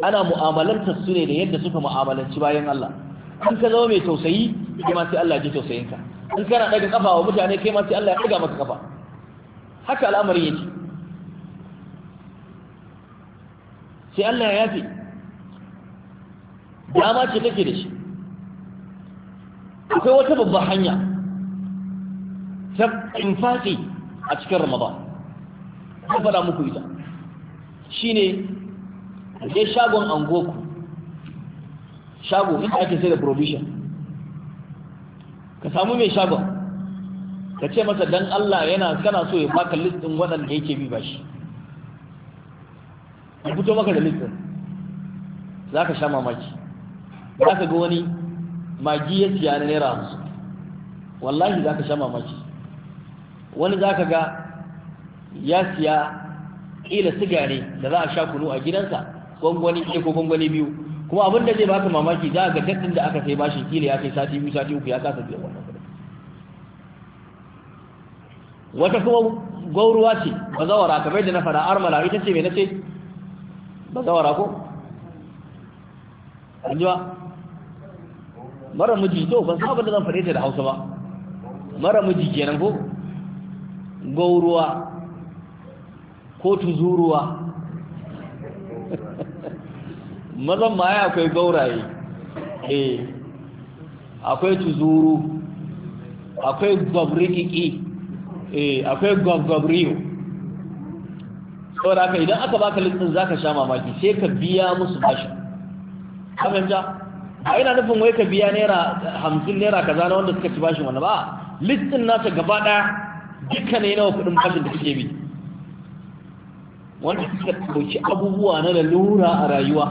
ana mu'amalantar su ne da yadda suka mu'amalanci bayan Allah in ka zama mai tausayi kai ma sai Allah ya ji tausayinka in kana daga kafa wa mutane kai ma sai Allah ya daga maka kafa haka al'amarin yake sai Allah ya yafe dama ce kake da shi akwai wata babbar hanya ta infaki a cikin ramadan ta faɗa muku ita ne, je shagon angoku shago inda ake sai da provision ka samu mai shagon ka ce masa dan Allah yana kana so ya baka list din waɗanda yake bi bashi ya fito maka da list din za ka sha mamaki za ka ga wani magi ya siya na naira hamsin wallahi za ka sha mamaki wani za ka ga ya siya ila siga ne da za a sha kunu a gidansa gwangwani ɗaya ko gwangwani biyu kuma abin da zai baka mamaki za a ga daɗin da aka sai bashi kila ya kai sati biyu sati uku ya kasa biyan wannan kuɗi wata kuma gwauruwa ce ba wara kamar da na fara armala ita ce mai na ce bazawara ko an ji ba mara miji to ban san abin da zan faɗe ta da hausa ba mara miji kenan ko gauruwa ko tuzuruwa <laughs> mazan ma ya akwai gauraye eh akwai tuzuru akwai gwabrikiki eh akwai gwabgwabriyo saboda haka idan aka baka listin zaka sha mamaki sai ka biya musu bashi kamar a ina nufin wai ka biya naira hamsin naira kaza na wanda suka ci bashin wani ba listin nasa gaba ɗaya duka ne nawa kuɗin bashin da suke bi wanda suka ɗauki abubuwa na lalura a rayuwa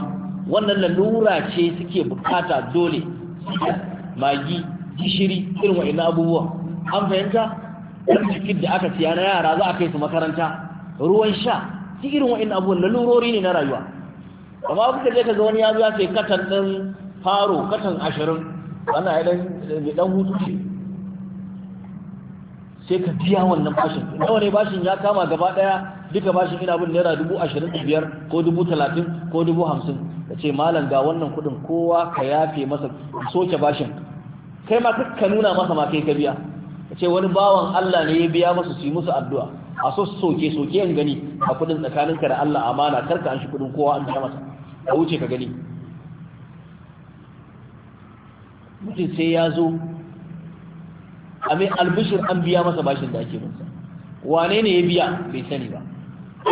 wannan lalura ce suke bukata dole magi gishiri irin wa'in abubuwa an fahimta ɗan cikin da aka siya na yara za a kai su makaranta ruwan sha su irin wa'in abubuwa lalurori ne na rayuwa amma kuka je ka ga wani ya zo ya sai katan ɗin faro katan ashirin ana yi dan hutu ce sai ka biya wannan bashin nawa ne bashin ya kama gaba daya duka bashin ina bin naira dubu ashirin da biyar ko dubu talatin ko dubu hamsin da ce malam ga wannan kudin kowa ka yafe masa soke bashin kai ma ka nuna masa ma kai ka biya da ce wani bawan Allah ne ya biya masu su yi musu addu'a a so soke soke yan gani a kudin tsakaninka da Allah amana karka an shi kudin kowa an biya masa ka wuce ka gani mutum sai ya zo a mai albishir an biya masa bashin da ake masa wane ne ya biya bai sani ba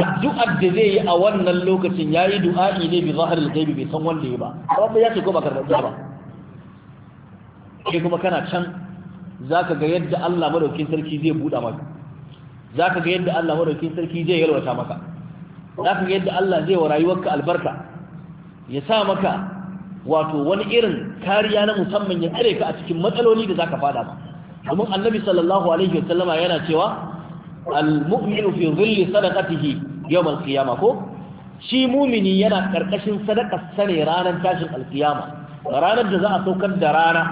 addu'ar da zai yi a wannan lokacin ya yi du'a'i ne bi zaharil gaibi bai san wanda ya ba amma ya ce ko ba karɓar ba sai kuma kana can zaka ga yadda Allah madaukin sarki zai buɗa maka zaka ga yadda Allah madaukin sarki zai yalwata maka zaka ga yadda Allah zai wa rayuwarka albarka ya sa maka wato wani irin kariya na musamman ya tsare ka a cikin matsaloli da zaka fada ba domin annabi sallallahu alaihi wasallama yana cewa al-mu'minu fi dhilli sadaqatihi yawm al-qiyamah ko shi mumini yana karkashin sadaqar sa ne ranar tashin al-qiyama ranar da za a saukar da rana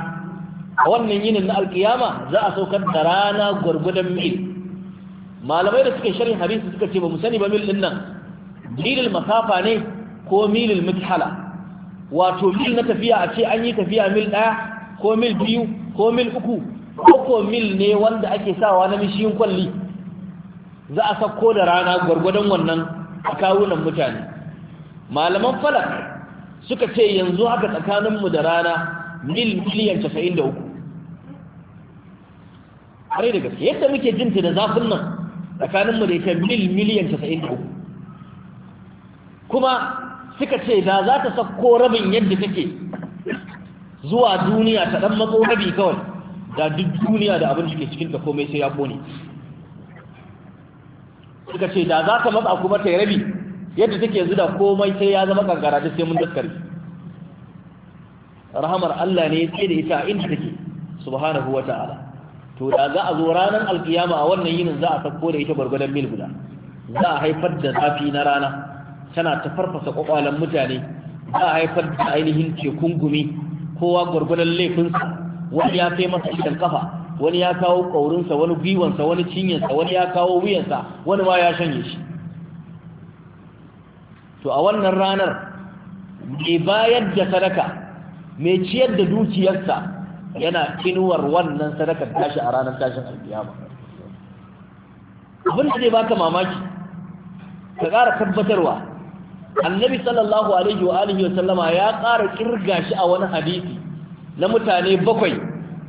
A wannan yinin na al-qiyama za a saukar da rana gurgudan mil malamai da suka sharhi hadisi suka ce ba mu sani ba mil din nan milil masafa ne ko milil mithala wato mil na tafiya a ce an yi tafiya mil ɗaya ko mil biyu ko mil uku ko mil ne wanda ake sawa na mishiyin kwalli za a sako da rana gwargwadon wannan a kawunan mutane malaman falak suka ce yanzu haka tsakaninmu da rana mil miliyan casa'in da uku ƙwarai da gaske yadda muke jinta da zafin nan tsakaninmu da ita mil miliyan casa'in da uku kuma suka ce da za ta sako rabin yadda take zuwa duniya ta ɗan matso rabi kawai da duk duniya da abin da ke cikin ta komai sai ya kone suka ce da za ta matsa kuma ta rabi yadda take yanzu da komai sai ya zama kankara da sai mun daskare rahamar Allah ne sai da ita inda take subhanahu wa ta'ala to da za a zo ranar alkiyama a wannan yinin za a sako da ita gwargwadon mil guda za a haifar da zafi na rana tana ta farfasa kwakwalen mutane za a haifar da ainihin tekun gumi kowa gwargwadon laifinsa wani ya kai masa idan kafa wani ya kawo ƙaurinsa wani gwiwansa wani cinyarsa wani ya kawo wuyansa wani ma ya shanye shi to a wannan ranar mai bayar da sadaka mai ciyar da dukiyarsa yana kinuwar wannan sadakar tashi a ranar tashin alkiyama abin da zai baka mamaki ka ƙara tabbatarwa annabi sallallahu alaihi wa alihi wa sallama ya ƙara kirga shi a wani hadisi na mutane bakwai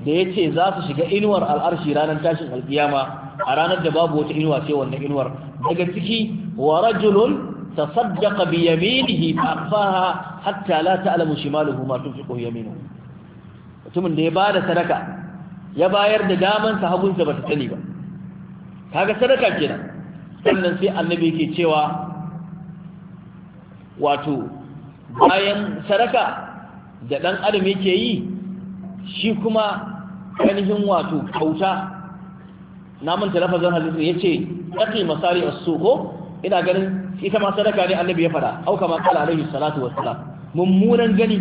da ya ce za su shiga inuwar al'arshi ranar tashin alkiyama a ranar da babu wata inuwa sai wannan inuwar daga ciki wa rajulun tasaddaqa bi yaminihi fa akhfaha hatta la ta'lamu shimaluhu ma tunfiqu yaminu. mutumin da ya bada sadaka ya bayar da daman sahabunsa bata sani ba kaga sadaka kenan sannan sai annabi yake cewa wato bayan sadaka da ɗan adam yake yi shi kuma ainihin wato kauta na manta lafazin ya ce ɗaƙi masari a soko ina ganin ita ma sadaka ne annabi ya fara auka ma kala alaihi salatu wassalam mummunan gani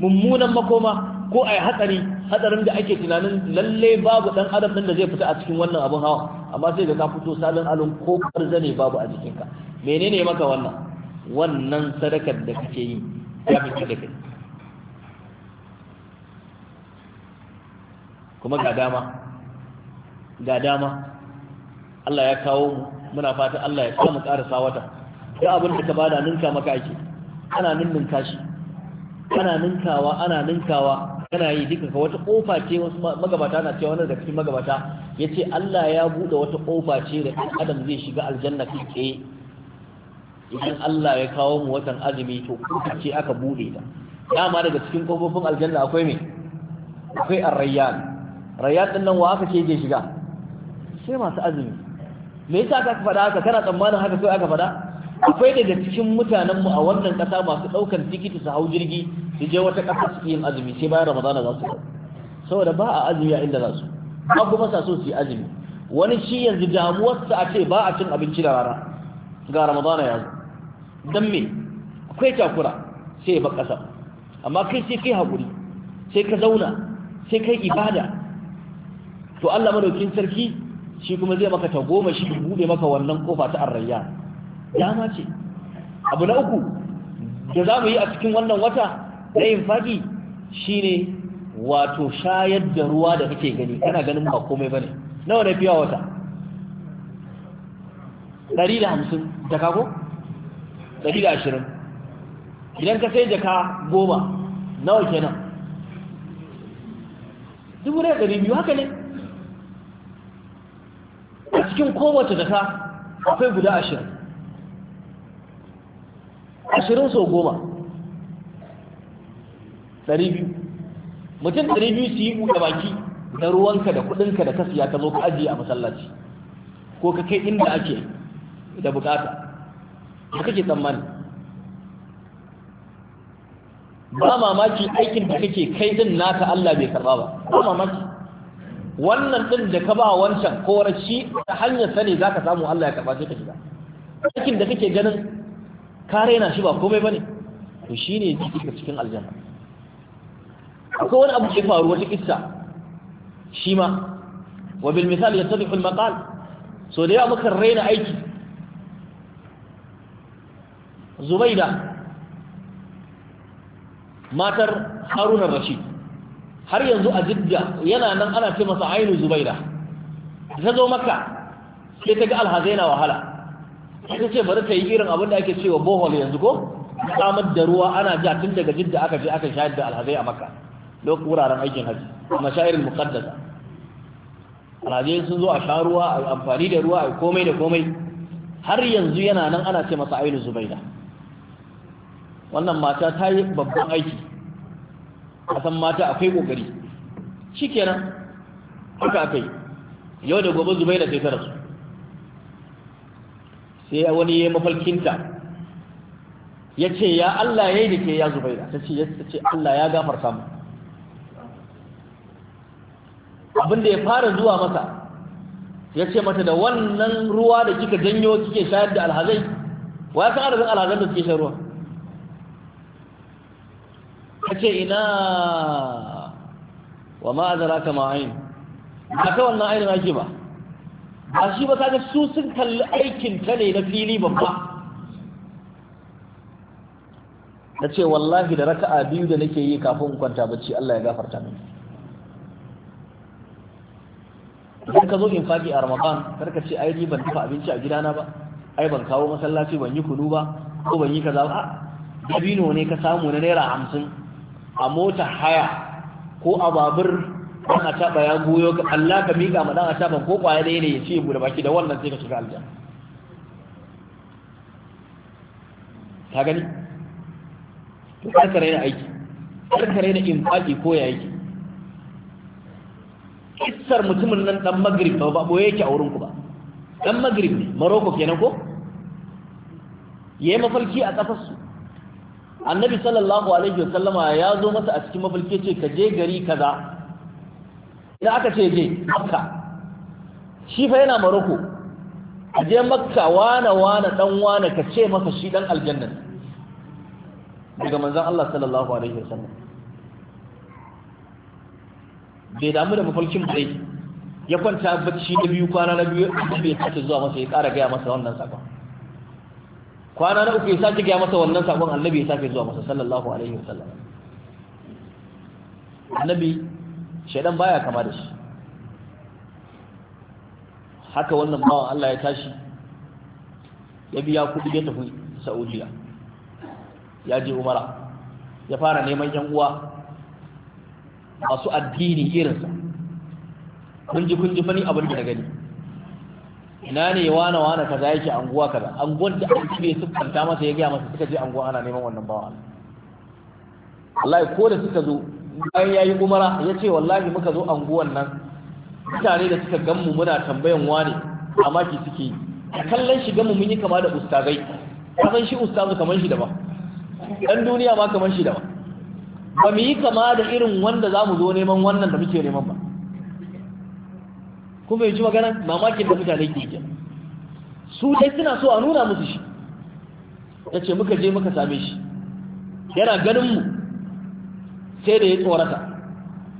mummunan makoma ko a yi hatsari hatsarin da ake tunanin lalle babu ɗan adam ɗin da zai fita a cikin wannan abin hawa amma sai ga ka fito salin alun ko ƙarzane babu a jikinka menene maka wannan wannan sadakar da kake yi ya fi da kai kuma ga dama ga dama Allah ya kawo mu muna fata Allah ya samu ƙarasa wata duk abin da ka bada ninka maka ake ana ninninka shi ana ninkawa ana ninkawa kana yi duka ka wata kofa ce wasu magabata na cewa wani da cikin magabata ya ce Allah ya buɗe wata kofa ce da ɗan adam zai shiga aljanna kai tsaye idan Allah ya kawo mu watan azumi to kuka ce aka bude ta dama daga cikin kofofin aljanna akwai me akwai ar-rayyan rayyan din nan wa aka ce je shiga sai masu azumi me yasa aka faɗa haka kana tsammanin haka sai aka faɗa akwai daga cikin mutanen mu a wannan ƙasa masu ɗaukan tikiti su hau jirgi su je wata ƙasa su yin azumi sai bayan ramadana za su saboda ba a azumi a inda za su ba kuma sa so su yi azumi wani shi yanzu damuwarsa a ce ba a cin abinci da rana ga ramadana ya zo don me akwai takura sai ya bakasa amma kai sai kai haƙuri sai ka zauna sai kai ibada to Allah madaukin sarki shi kuma zai maka ta goma shi bude maka wannan kofa ta arrayya dama ce abu na uku da za mu yi a cikin wannan wata na yin faɗi shine wato shayar da ruwa da kake gani kana ganin ba komai ne. nawa na fiya wata 150 da kago Dari da ashirin idan ka sai jaka goma nawa kenan dubu da dari biyu haka ne a cikin kowace jaka akwai guda ashirin ashirin sau goma Dari biyu mutum dari biyu su yi buɗe baki na ruwanka da kuɗinka da ka siya ka zo ka ajiye a masallaci ko ka kai inda ake da bukata da kake tsammani ba mamaki aikin da kake kai din naka Allah bai karba ba ba mamaki wannan din da ka ba wancan ko shi ta hanyar sani zaka samu Allah ya karba sai ka shiga aikin da kake ganin ka raina shi ba komai bane to shine cikin cikin aljanna akwai wani abu ke ya faru wata kissa shi ma wa bil misal ya al maqal so da yawa muka raina aiki zubaida matar Haruna rashid har yanzu a jidda yana nan ana ce masa ainu zubaida ta zo maka sai ta ga alhazaina wahala ta ce bari ta yi irin abin da ake cewa bohol yanzu ko samar da ruwa ana ja tun daga jidda aka je aka shayar da alhazai a maka lokacin wuraren aikin haji kuma mashayirin muqaddasa alhazai sun zo a sha ruwa a amfani da ruwa a komai da komai har yanzu yana nan ana ce masa ainu zubaida wannan mata ta yi babban aiki a san mata akwai ƙoƙari shi kenan haka akai yau da gobe zubai da sai ta rasu sai wani ya mafalkinta ya ce ya Allah ya yi da ke ya zubai da ta ce Allah ya gafarta mu abinda ya fara zuwa masa ya ce mata da wannan ruwa da kika janyo kike shayar da alhazai wa ya san adadin alhazan da suke shan ruwa kace ina wa ma adraka ma ayn ka wannan ayin ake ba ba shi ba kaga su sun kalli aikin ta ne na fili babba ta wallahi da raka'a biyu da nake yi kafin kwanta bacci Allah ya gafarta mini idan ka zo in faɗi a ramadan kar ka ce ai ni ban dafa abinci a gidana ba ai ban kawo masallaci ban yi kunu ba ko ban yi kaza ba dabino ne ka samu na naira hamsin a mota haya ko a babur dan a taba ya goyo ka Allah ka miƙa ma dan a taban ko kwaya ɗaya ne ya ce bude baki da wannan sai ka shiga aljanna ta gani to karka raina aiki karka raina infaki ko ya yake kissar mutumin nan dan magrib ba ba boye yake a wurin ku ba dan magrib ne maroko kenan ko yayi mafarki a kasar su annabi sallallahu alaihi wasallama ya zo masa a cikin mafarki ce ka je gari kaza idan aka ce je makka shi fa yana maroko a je makka wana wana dan wana ka ce masa shi dan aljanna daga manzon Allah sallallahu alaihi wasallam bai damu da mafarkin bai ya kwanta bacci da biyu kwana na biyu da bai kace zuwa masa ya kara gaya masa wannan sakon kwana na uku ya sake gaya masa wannan sabon annabi ya sake zuwa masa sallallahu alaihi wasallam annabi shaidan baya kama da shi haka wannan bawan Allah ya tashi ya biya kudi ya tafi Saudiya ya je Umara ya fara neman yan uwa masu addini irinsa kun ji kun ji fani abin da gani ina ne wana wana kaza yake anguwa kaza anguwan da an kibe kanta masa ya gaya masa suka je anguwa ana neman wannan bawa wallahi ko da suka zo bayan yayi umara ya ce wallahi muka zo anguwan nan mutane da suka gan mu muna tambayan wane amma ki suke yi A kallon shigan mu mun yi kama da ustazai kaman shi ustazu kaman shi daban dan duniya ma kaman shi daban ba mu yi kama da irin wanda zamu zo neman wannan da muke neman ba kuma yanzu magana mamakin da mutane ke yi su dai suna so a nuna musu shi ya ce muka je muka same shi yana ganinmu sai da ya tsorata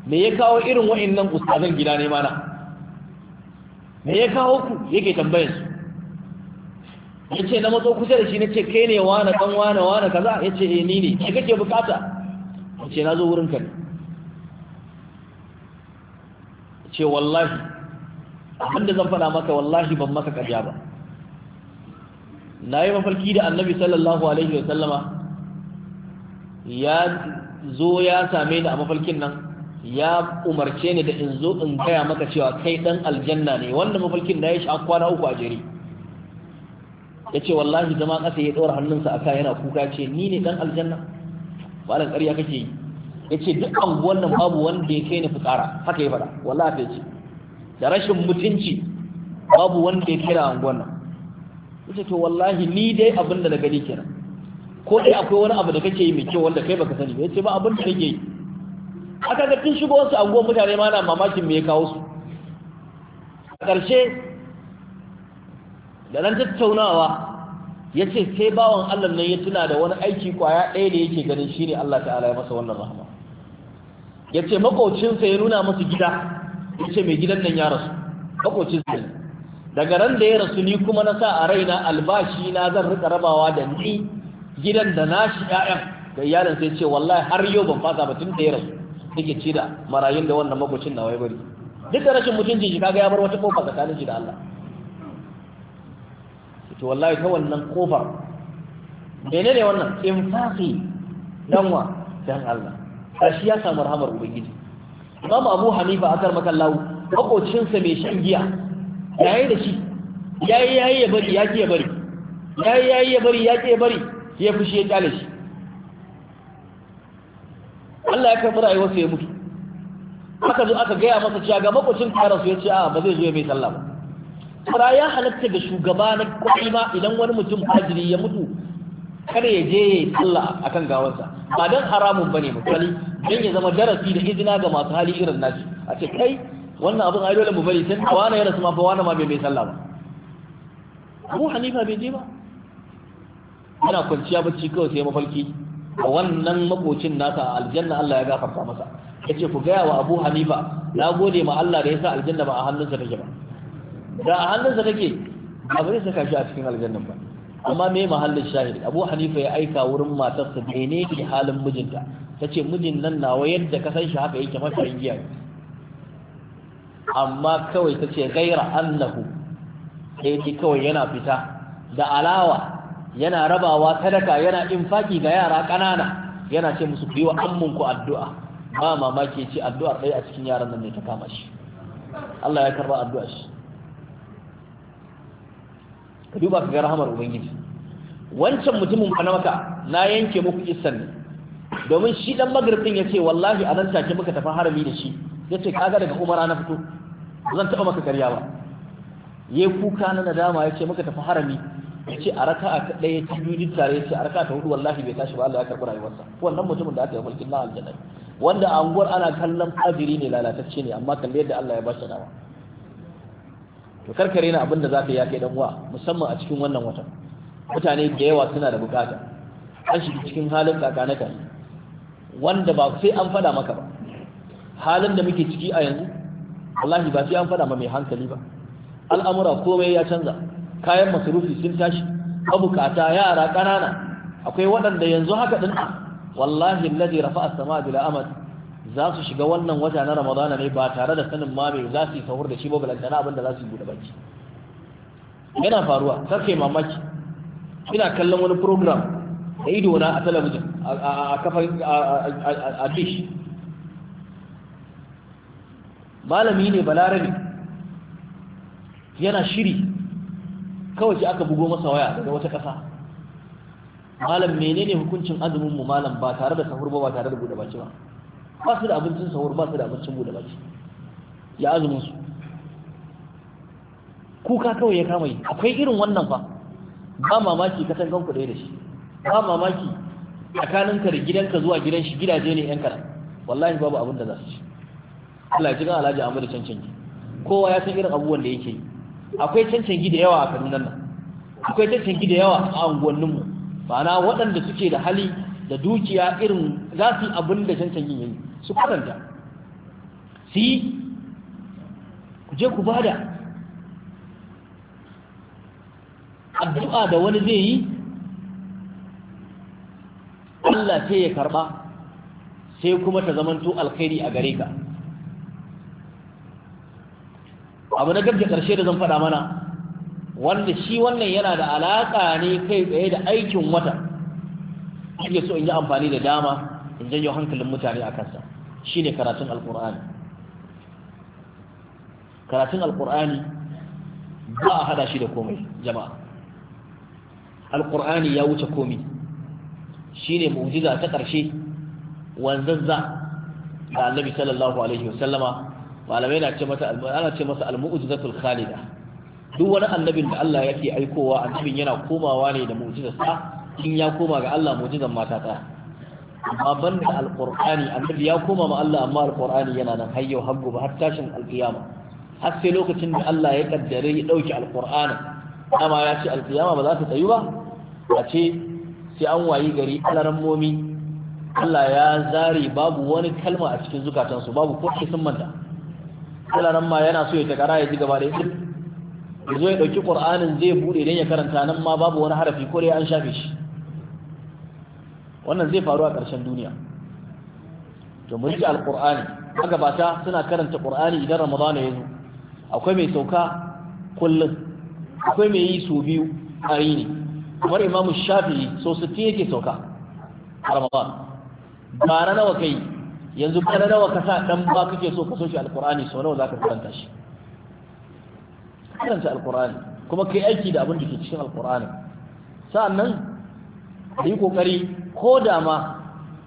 me ya kawo irin wa'annan ustazan gida ne mana me ya kawo ku yake tambayar su ya ce na matso kusa da shi na ce kai ne wane ɗan wane wane kaza ya ce eh ni ne ya kake bukata ya ce na zo wurinka ne ce wallahi abinda zan faɗa maka wallahi ban maka ƙarya ba na yi mafarki da annabi sallallahu alaihi wa sallama ya zo ya same ni a mafarkin nan ya umarce ni da in zo in gaya maka cewa kai dan aljanna ne wanda mafarkin da ya shi kwana uku a jere ya ce wallahi zama kasa ya ɗora hannunsa a yana kuka ce ni ne dan aljanna malam ƙarya kake yi ya ce duk anguwan nan babu wanda ya kai ni fitsara haka ya faɗa wallahi ya ce da rashin mutunci babu wanda ya kira anguwan nan to wallahi ni dai abin da na gani kenan ko dai akwai wani abu da kake yi mai kyau wanda kai baka sani ba yace ba abin da kake yi aka ga tun shigo wasu anguwan mutane ma na mamakin me ya kawo su a ƙarshe da nan tattaunawa ya ce sai bawan Allah nan ya tuna da wani aiki kwaya ɗaya da yake ganin shi ne Allah ta'ala ya masa wannan rahama ya ce makocinsa ya nuna masa gida yace mai gidan nan ya rasu makocin sai daga ran da ya rasu ni kuma na sa a raina albashi na zan rika rabawa da ni gidan da shi ƴaƴan da iyalin sai ce wallahi har yau ban fasa ba tun da ya rasu nake ci da marayun da wannan makocin na bari duk da rashin mutunci shi kaga ya bar wata kofa tsakanin shi da Allah to wallahi ta wannan kofar ne wannan infaqi danwa dan Allah shi ya samu rahamar ubangiji imam abu hanifa akar makallahu sa mai shan giya yayi da shi yayi yayi ya bari ya ke bari yayi yayi ya bari ya ke bari ya fushi ya kyale shi Allah ya karɓi rayuwarsa ya mutu aka zo aka gaya masa cewa ga makocin rasu ya ce a ba zai zo ya mai sallah ba fara ya halatta ga shugaba na kwalima idan wani mutum hajiri ya mutu kar ya je ya yi sallah akan gawansa ba don haramun ba ne misali don ya zama darasi da izina ga masu hali irin nashi a ce kai wannan abin yi dole mu bari tun da wani yana rasu ma fa wani ma bai mai sallah ba Abu Hanifa bai je ba yana kwanciya bacci kawai sai mafarki a wannan makocin nasa a aljanna Allah ya gafarta masa ya ce ku gaya wa Abu Hanifa na gode ma Allah da ya sa aljanna ba a hannunsa take ba da a hannunsa take ba zai saka shi a cikin aljannan ba amma me mahallin shahid abu hanifa ya aika wurin matarsa mene ne halin mijinta ta ce mijin nan nawa yadda ka san shi haka yake mafarin giya amma kawai ta ce gaira annahu sai ce kawai yana fita da alawa yana rabawa sadaka yana infaki ga yara ƙanana yana ce musu ku yi wa addu'a ba mamaki ce addu'a ɗaya a cikin yaran nan ne ta kama shi Allah ya karba addu'a shi ka duba ka ga rahamar ubangiji wancan mutumin ba na maka na yanke muku isan ne domin shi dan magribin ya ce wallahi a nan take muka tafi harami da shi ya ce kaga daga umara na fito zan taɓa maka karya ba ya kuka na nadama ya ce muka tafi harami ya ce a raka a ɗaya ta biyu duk tare ya ce a raka ta hudu wallahi bai tashi ba Allah ya karɓi rayuwarsa wannan mutumin da aka yi mulkin na aljanna wanda a unguwar ana kallon fajiri ne lalatacce ne amma kalle yadda Allah ya ba shi dama to karkare na abin da za ka yi ya kai dan uwa musamman a cikin wannan watan mutane da yawa suna da bukata an shiga cikin halin kakanaka wanda ba sai an fada maka ba halin da muke ciki a yanzu wallahi ba sai an fada ma mai hankali ba al'amura komai ya canza kayan masarufi sun tashi abukata yara ƙanana akwai waɗanda yanzu haka din wallahi alladhi rafa'a as-samaa bila amad za su shiga wannan wata na ramadana ne ba tare da sanin ma mai za su yi sahur da shi ba balantana abin da za su yi buɗe baki yana faruwa kai mamaki ina kallon wani program da ido na a talabijin a kafa a dish malami ne balarabe yana shiri kawai aka bugo masa waya daga wata ƙasa malam menene hukuncin azumin mu malam ba tare da sahur ba ba tare da buɗe baki ba ba su da abincin sahur ba su da abincin bude baki ya azumin su kuka kawai ya kama yi akwai irin wannan fa ba mamaki ka san kanku da shi ba mamaki tsakaninka da gidanka zuwa gidan shi gidaje ne yan karan wallahi babu abin da za su ci Allah ya ji Alhaji Ahmadu cancanci kowa ya san irin abubuwan da yake yi akwai cancanci da yawa a Kaduna nan akwai cancanci da yawa a unguwanninmu ma'ana waɗanda suke da hali da dukiya irin za su yi abin da cancan yin yayi su kwatanta su ku je ku bada addu'a da wani zai yi Allah sai ya karba sai kuma ta zamanto alkhairi a gare ka abu na gabda ƙarshe da zan faɗa mana wanda shi wannan yana da alaƙa ne kai tsaye da aikin wata nake so in yi amfani da dama in janyo hankalin mutane a kansa ne karatun alkur'ani karatun alkur'ani ba a hada shi da komai jama'a alkur'ani ya wuce komai Shi ne mu'jiza ta ƙarshe wanzazza da annabi sallallahu alaihi wasallama malamai na ce masa ana ce masa al-mu'jizatul khalida duk wani annabin da Allah yake aikowa annabin yana komawa ne da mu'jizarsa in ya koma ga Allah mu'jizan mata ta amma da Alƙur'ani, annabi ya koma ma Allah amma Alƙur'ani yana nan hayyo, yau har gobe har tashin alqiyama har sai lokacin da Allah ya kaddare ya dauki alqur'ani amma ya ce alƙiyama ba za ta tsayu ba a ce sai an wayi gari alaran momi Allah ya zare babu wani kalma a cikin zukatansu babu ko sun manta alaran ma yana so ya takara ya ji gaba da ya zo ya ɗauki ƙur'anin zai buɗe don ya karanta nan ma babu wani harafi ko dai an shafe shi wannan zai faru a ƙarshen duniya to mu rike alqur'ani bata suna karanta qur'ani idan ramadan ya zo akwai mai sauka kullum akwai mai yi su biyu a yini kamar imamu shafi'i so sittin yake sauka a ramadan Bana nawa kai yanzu bara nawa ka sa dan ba kake so ka so shi alqur'ani so nawa zaka karanta shi karanta alqur'ani kuma kai aiki da abin da ke cikin alqur'ani sa'annan yi kokari ko da ma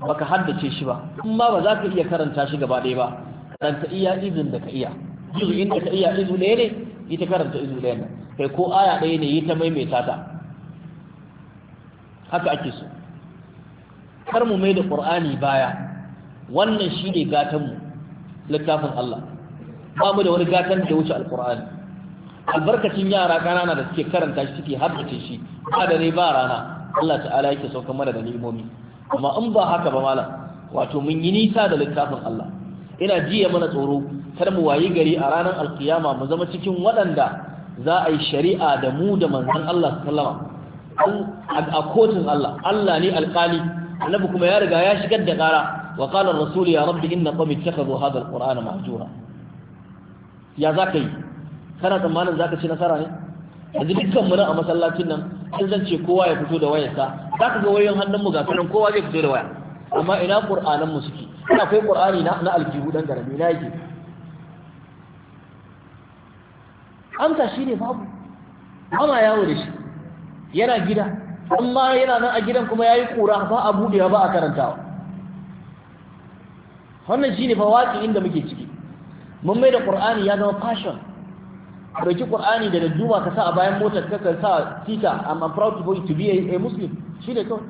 baka haddace shi ba in ba za ka iya karanta shi gaba ɗaya ba karanta iya izin da ka iya izu inda ka iya izu ɗaya ne ita karanta izu ɗaya ne kai ko aya ɗaya ne yi ta maimaita ta haka ake so kar mu mai da qur'ani baya wannan shi ne gatan mu littafin Allah ba mu da wani gatan da wuce alqur'ani albarkacin yara ƙanana da suke karanta shi suke haddace shi ba da ne ba rana Allah ta'ala yake sauka mana da ni'imomi amma in ba haka ba malam wato mun yi nisa da littafin Allah ina jiya mana tsoro kar mu wayi gari a ranar alkiyama mu zama cikin waɗanda za a yi shari'a da mu da manzon Allah sallama a kotun Allah Allah ne alƙali annabi kuma ya riga ya shigar da ƙara wa qala ar-rasul ya rabbi inna qawmi ittakhadhu hadha al-qur'ana mahjura ya zaka yi kana tsammanin zaka ci nasara ne yanzu dukkan mu na a masallacin nan in zan ce kowa ya fito da wayarsa za ka ga wayoyin hannunmu ga kanan kowa zai fito da waya amma ina mu suke ina akwai ƙur'ani na na aljihu dan garami na yake amsa shi ne babu amma ya da shi yana gida amma yana nan a gidan kuma ya yi ba a bude ba a karantawa wannan shine ne fa inda muke ciki mun mai da ƙur'ani ya zama fashion ka dauki qur'ani da duma ka sa a bayan motar ka ka sa tita i'm proud to be to be a, a muslim shi ne kawai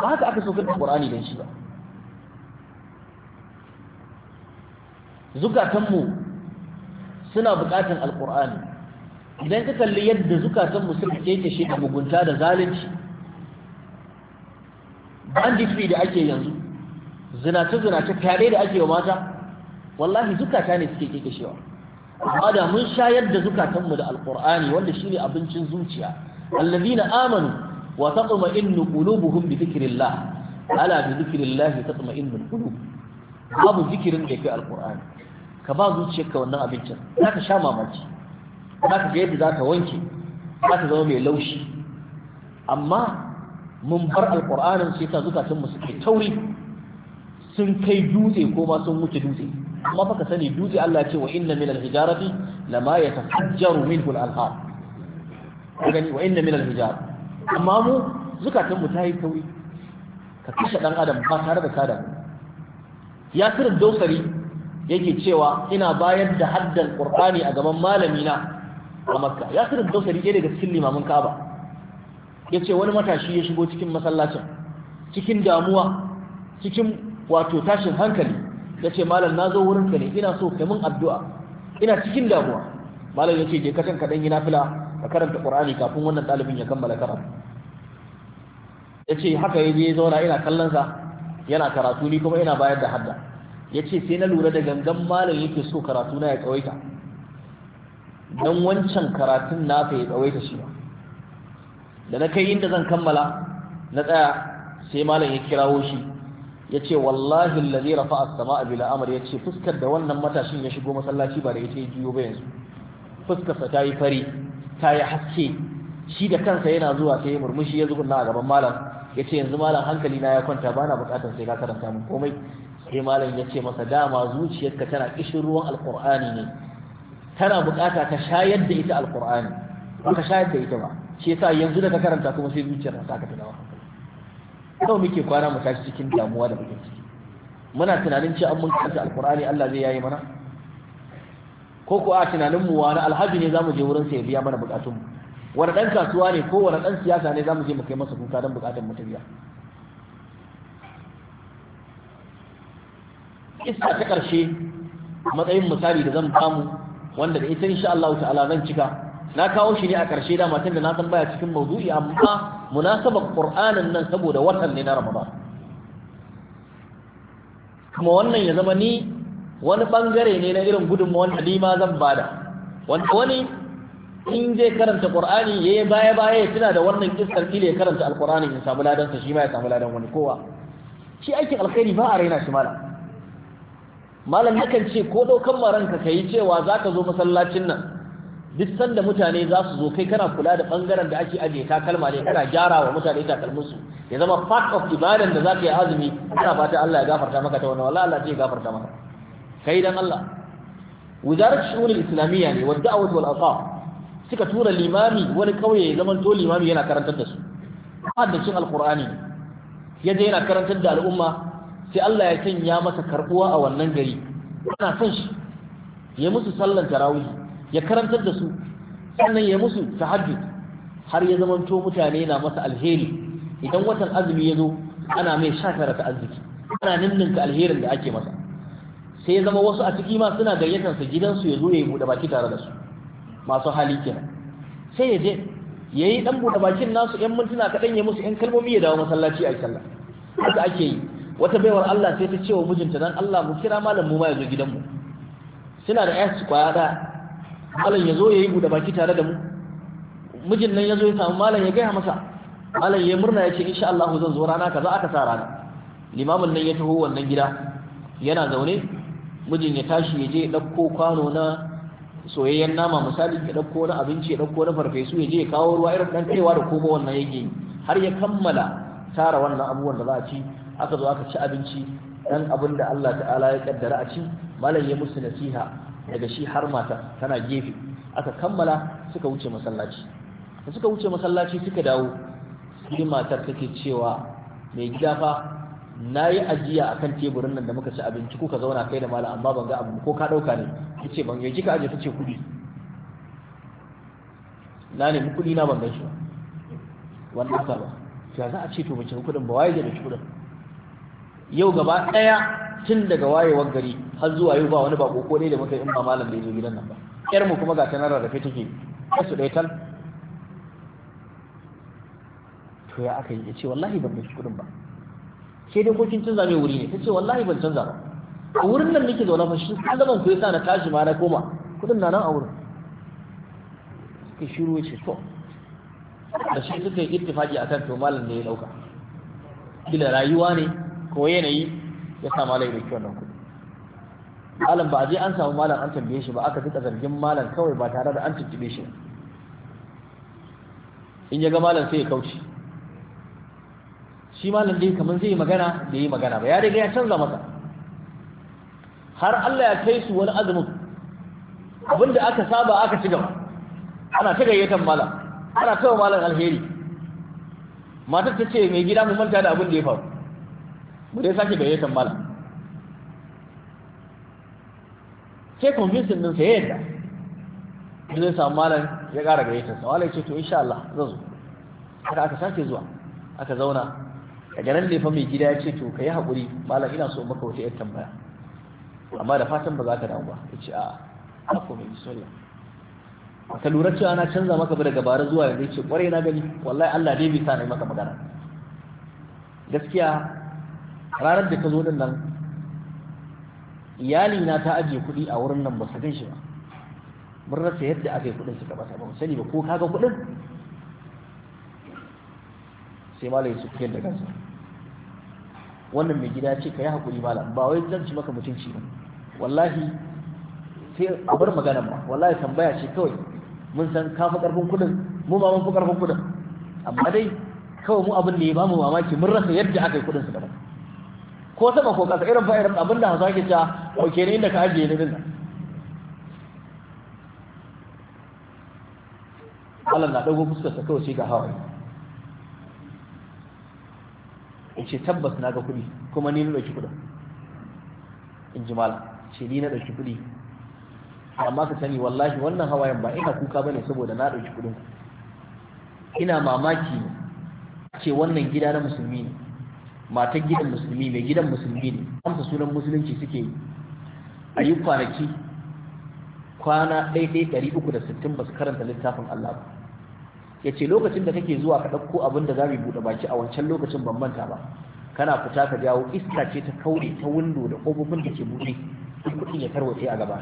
ba haka aka so ka qur'ani dan shi ba zukatanmu suna bukatan alqur'ani idan ka kalli yadda zukatanmu suka keke shi da mugunta da zalunci banditry da ake yanzu zinace zinace tare da ake wa mata wallahi zukata ne suke keke shewa amma da mun shayar da zukatanmu da alqur'ani wanda shine abincin zuciya allazina amanu wa tatma'innu qulubuhum bi dhikrillah ala bi dhikrillah tatma'innul qulub babu zikirin da kai alqur'ani ka ba zuciyarka wannan abincin zaka sha mamaci zaka ga yadda zaka wanke zaka zama mai laushi amma mun bar alqur'anin sai ta zukatanmu suke tauri sun kai dutse ko ma sun wuce dutse amma baka sani duje Allah ce wa inna min al-hijarati lama yatafajjaru minhu al-anhar gani wa inna min al-hijar amma mu zukatan mu tayi tauri ka kashe dan adam ba tare da kada ya kirin dausari yake cewa ina bayar da haddan qur'ani a gaban malami na a makka ya kirin dausari ɗaya daga cikin limamin ka'aba yace wani matashi ya shigo cikin masallacin cikin damuwa cikin wato tashin hankali ya ce malam na zo wurinka ne ina so kai mun addu'a ina cikin damuwa malam ya ce je kakan kaɗan yi nafila ka karanta ƙur'ani kafin wannan ɗalibin ya kammala karatu ya ce haka ya je ya zauna ina kallon sa yana karatu ni kuma ina bayar da hadda ya ce sai na lura da gangan malam yake so karatu na ya tsawaita don wancan karatun na ya tsawaita shi ba da na kai inda zan kammala na tsaya sai malam ya kirawo shi ya ce wallahi lalzi rafa a sama bila amur ya ce fuskar da wannan matashin ya shigo masallaci ba da ita ya juyo ba yanzu fuskarsa ta yi fari ta yi haske shi da kansa yana zuwa ta yi murmushi ya zukunna a gaban malam ya ce yanzu malam hankali na ya kwanta ba na bukatar sai ka karanta min komai sai malam ya ce masa dama zuciyarka tana kishin ruwan alkur'ani ne tana bukata ka shayar da ita alkur'ani ba ka shayar da ita ba shi yasa yanzu da ka karanta kuma sai zuciyar ta ka tunawa nawa muke kwana mu tashi cikin damuwa da bakin ciki muna tunanin cewa an mun karanta alqur'ani Allah zai yayi mana ko ko a tunanin mu wani alhaji ne zamu je wurin sa ya biya mana bukatun mu wani dan kasuwa ne ko wani dan siyasa ne zamu je mu kai masa kuka dan bukatun mu ta biya isa ta karshe matsayin misali da zan bamu wanda da ita insha Allah ta'ala zan cika na kawo shi ne a karshe da matan da na san baya cikin mawdu'i amma munasabar ƙur'anin nan saboda watan ne na ramadan kuma wannan ya zama ni wani bangare ne na irin gudunmawar halima zan bada wani in zai karanta ƙur'ani ya yi baya baya ya tuna da wannan kistar ile ya karanta Alƙur'ani ya samu ladan sa shi ma ya samu ladan wani kowa shi aikin alkhairi ba a raina shi mala malam nakan ce ko daukan maranka yi cewa za ka zo masallacin nan duk sanda mutane za su zo kai kana kula da bangaren da ake ajiye takalma ne kana gyara wa mutane takalminsu ya zama part of ibadan da za ka yi azumi kana fata Allah ya gafarta maka ta wannan wallahi Allah zai gafarta maka kai dan Allah wizarat shu'un islamiyya ne wadda da'awat wal aqam suka tura limami wani kauye ya zama to limami yana karantar da su haddacin alqur'ani ya je yana karantar da al'umma sai Allah ya sanya masa karbuwa a wannan gari ana son shi ya musu sallan tarawih ya karantar da su sannan ya musu tahajjud har ya zama to mutane na masa alheri idan watan azumi ya zo ana mai shakara ta arziki ana ninninka alherin da ake masa sai ya zama wasu a ciki ma suna gayyatar su gidansu ya zo ya yi buɗe baki tare da su masu hali kenan sai ya je ya yi ɗan buɗe bakin nasu ‘yan mintuna kaɗan ya musu ‘yan kalmomi ya dawo masallaci a yi sallah haka ake yi wata baiwar Allah sai ta ce wa mijinta dan Allah mu kira malam mu ma ya zo gidanmu suna da ‘yan su kwaya ɗaya malam ya zo ya yi buɗe baki tare da mu mijin nan ya zo ya samu malam ya gaya masa malam ya murna ya ce insha Allah zan zo rana kaza aka sa rana limamin nan ya taho wannan gida yana zaune mijin ya tashi ya je ya ɗauko kwano na soyayyen nama misali ya ɗauko na abinci ya ɗauko na farfesu ya je ya kawo ruwa irin ɗan kaiwa da koma wannan yake yi har ya kammala tara wannan abubuwan da za a ci aka zo aka ci abinci dan abin da Allah ta'ala ya kaddara a ci malam ya musu nasiha daga shi har mata tana gefe aka kammala suka wuce masallaci da suka wuce masallaci suka dawo sai matar take cewa mai gida fa na yi ajiya a kan teburin nan da muka ci abinci kuka zauna kai da malam amma ban ga abu ko ka ɗauka ne ta ce ban yaji ka aje ta ce kuɗi na nemi kuɗi na ban gaji ba wannan ba ya za a ce to mace kuɗin ba waye da kuɗin yau gaba ɗaya tun daga wayewar gari har zuwa yau ba wani bako ko dai da muka in ba malam da zo gidan nan ba yar mu kuma ga ta nan da kai take kasu dai tal to ya aka yi ya ce wallahi ban bashi kudin ba sai dai ko kin canza mai wuri ne ta ce wallahi ban canza ba a wurin nan nake zaune fa shi kallaban ku yasa na tashi ma na koma kudin na nan a wurin suka shiru ce to da shi suka yi ittifaki akan to malam ne ya dauka kila rayuwa ne ko yanayi ya sa da kyau nan kuɗi malam ba a je an samu malam an tambaye shi ba aka duka zargin malam kawai ba tare da an tuntuɓe shi in ya ga malam sai ya kauce shi malam dai kamar zai yi magana da yi magana ba ya riga ya canza masa har Allah ya kai su wani azumin abinda aka saba aka ci gaba ana ta gayyatan malam ana tawa malam alheri matar ta ce mai gida mu manta da abin da ya faru mu dai sake gayyatan mala sai convincing din sai yadda zai samu malam ya ƙara gayyatar sa malai ce to insha Allah zan zo haka aka sake zuwa aka zauna daga nan ne fa mai gida ya ce to kai hakuri malam ina so maka wata yar tambaya amma da fatan ba za ka damu ba ce a a ko mai soyayya ka lura cewa na canza maka bi daga bara zuwa yanzu ce kwarai na gani wallahi Allah dai bai sa na maka magana gaskiya ranar da ka zo din nan iyali na ta ajiye kuɗi a wurin nan ba su gan shi ba mun rasa yadda aka yi kuɗin suka bata ba sani ba ko kaga kuɗin sai malam su kuyar da kansa wannan mai gida ce ka yi haƙuri malam ba wai zan ci maka mutunci ba wallahi sai a bar magana ba wallahi tambaya ce kawai mun san ka fi ƙarfin kuɗin mu ma mun fi ƙarfin kuɗin amma dai kawai mu abin da ya bamu mamaki mun rasa yadda aka yi kuɗin su da ba ko sama ko ƙasa irin fa'irin abin da hausa ke ca ɗauke ne inda ka ajiye ne dinnan Allah na ɗago fuskarsa kawai sai ga hawaye in ce tabbas na ga kuɗi kuma ni na ɗauki kuɗin in ji mala ce ni na ɗauki kuɗi amma ka sani wallahi wannan hawayen ba ina kuka bane saboda na ɗauki kuɗin ina mamaki ce wannan gida na musulmi ne matar gidan musulmi mai gidan musulmi ne amsa sunan musulunci suke yi a yi kwanaki kwana uku da sittin ba su karanta littafin Allah ba ya ce lokacin da kake zuwa ka ɗauko abin da za mu buɗe baki a wancan lokacin ban manta ba kana fita ka jawo iska ce ta kaure ta windo da ƙofofin da ke buɗe kuɗin ya tarwatse a gaba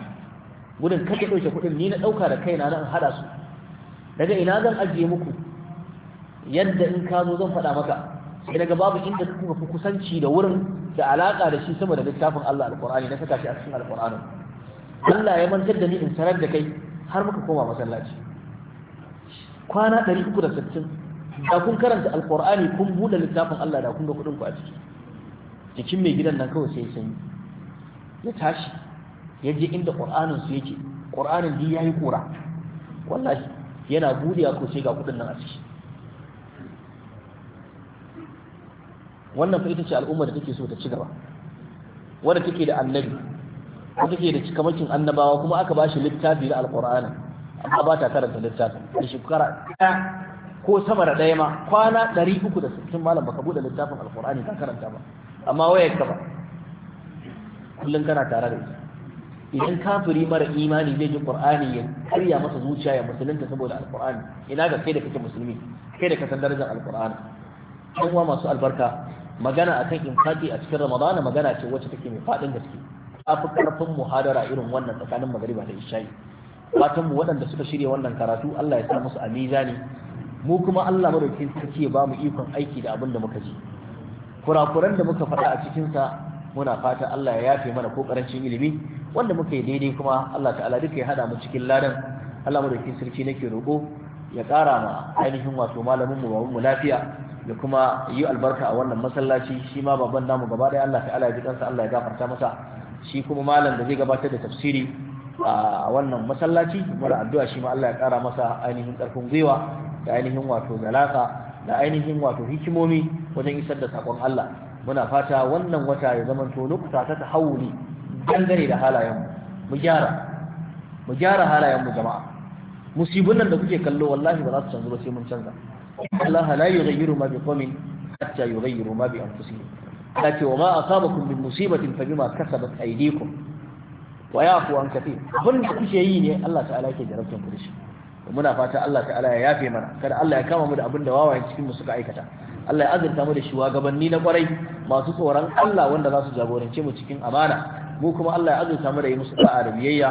gudun ka ɗauke kuɗin ni na ɗauka da kaina na haɗa su daga ina zan ajiye muku yadda in ka zo zan faɗa maka sai daga babu inda kuka fi kusanci da wurin da alaka da shi sama da littafin Allah alqur'ani na saka shi a cikin alqur'anin Allah ya mantar da ni in sanar da kai har muka koma masallaci kwana 360 da kun karanta alqur'ani kun buɗe littafin Allah da kun ga kudin ku a ciki jikin mai gidan nan kawai sai sanyi ya tashi ya je inda qur'anin su yake qur'anin din yayi kura wallahi yana budewa ko sai ga kudin nan a ciki wannan fa ita ce al'ummar da take so ta ci gaba wanda take da annabi ko take da cikamakin annabawa kuma aka bashi littafi da alqur'ani amma ba ta karanta littafi da shekara ɗaya ko sama da ɗaya ma kwana ɗari uku da sittin malam baka bude littafin alqur'ani ka karanta ba amma wayar ka ba kullum kana tare da ita idan kafiri mara imani zai ji qur'ani ya karya masa zuciya ya musulunta saboda alqur'ani ina ga kai da kake musulmi kai da ka san darajar alqur'ani ɗan uwa masu albarka magana akan infaki a cikin ramadana magana ce wacce take mai faɗin gaske fi ƙarfin muhadara irin wannan tsakanin magariba da isha'i fatan mu waɗanda suka shirya wannan karatu Allah ya sa musu a ne. mu kuma Allah madaukakin sarki ya bamu ikon aiki da abin da muka ji kurakuran da muka faɗa a cikinsa muna fata Allah ya yafe mana ko ƙarancin ilimi wanda muka yi daidai kuma Allah ta'ala duka ya hada mu cikin ladan Allah madaukakin sarki nake roƙo ya ƙara ma ainihin wato malamin mu babanmu lafiya da kuma yi albarka a wannan masallaci shi ma baban namu gaba ɗaya Allah ta'ala ya ji kansa Allah ya gafarta masa shi kuma malam da zai gabatar da tafsiri a wannan masallaci mara addu'a shi ma Allah ya ƙara masa ainihin ƙarfin gwiwa da ainihin wato zalaka da ainihin wato hikimomi wajen isar da sakon Allah muna fata wannan wata ya zama to lokuta ta tahawuli dangane da halayenmu mu gyara mu gyara halayen mu jama'a musibin nan da kuke kallo wallahi ba za su canza ba sai mun canza Allah la yughayyiru ma biqawmin hatta yughayyiru ma bi anfusihim kace wa ma asabakum min musibatin fa bima kasabat aydikum wa yafu an kathir abin da kuke yi ne Allah ta'ala yake jarabtan ku dashi muna fata Allah ta'ala ya yafe mana kada Allah ya kama mu da abin da wawayen cikin mu suka aikata Allah ya azurta mu da shugabanni na kwarai masu tsoron Allah wanda za su jagorance mu cikin amana mu kuma Allah ya azurta mu da yi musu da'a da biyayya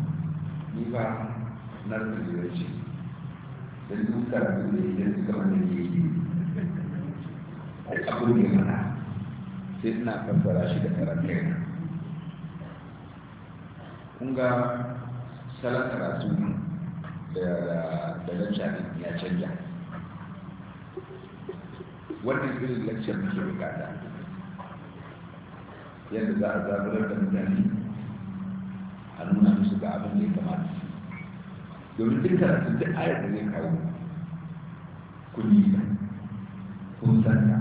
ni ba na turanci da duka da ne idan suka mana ne yi a abin ne mana sai suna fassara shi da karantai na kun ga salon karatu da lancar ya canja wannan irin lancar muke bukata yadda za a zaburar da mutane a nuna musu ga abin da ya kamata domin duk karatun duk ayar da zai kawo kun yi ta kun san ta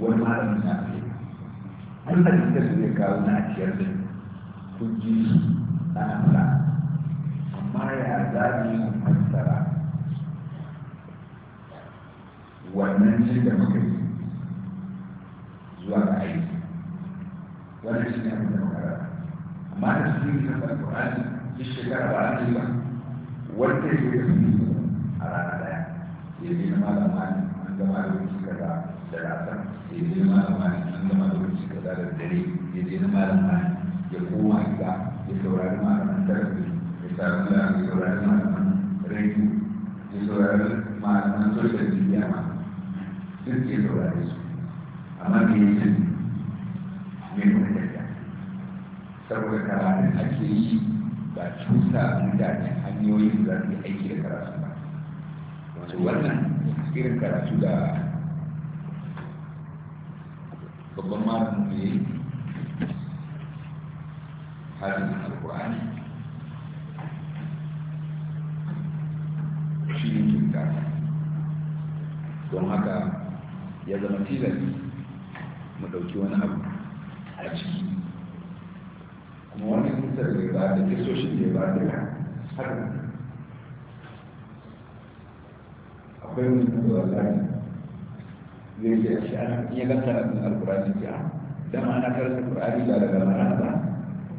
wani malamin na ce an hadin da zai kawo na a ciyar da kun ji su ana fara amma ya za mu yi fassara wannan shi da muka yi zuwa ga aiki wannan shi ne abin da muka rasa amma da su yi kasa alƙur'ani duk shekara ba a ba wanda ya yi a rana ɗaya ya yi na malama ne an gama lokaci kaza da rasa ya yi na malama ne an gama lokaci kaza da dare ya yi na malama ne ya koma gida ya saurari malaman tarihi ya saurari malaman rediyo ya saurari malaman social media ma duk ya saurari su amma me ya saboda da ake yi ba cuta mutane hanyoyin da za su yi aiki da karatu ba to wannan irin karatu da babban malamin mu yayi hadin alqur'ani shi ne kinta don haka ya zama tilas mu ɗauki wani abu a ciki kuma wannan kisar da ba da kisoshin da ba da haka akwai wani da wani zai ce shi ana iya ganta na cikin alkurani ce ah, dan ana karanta da daga mana ba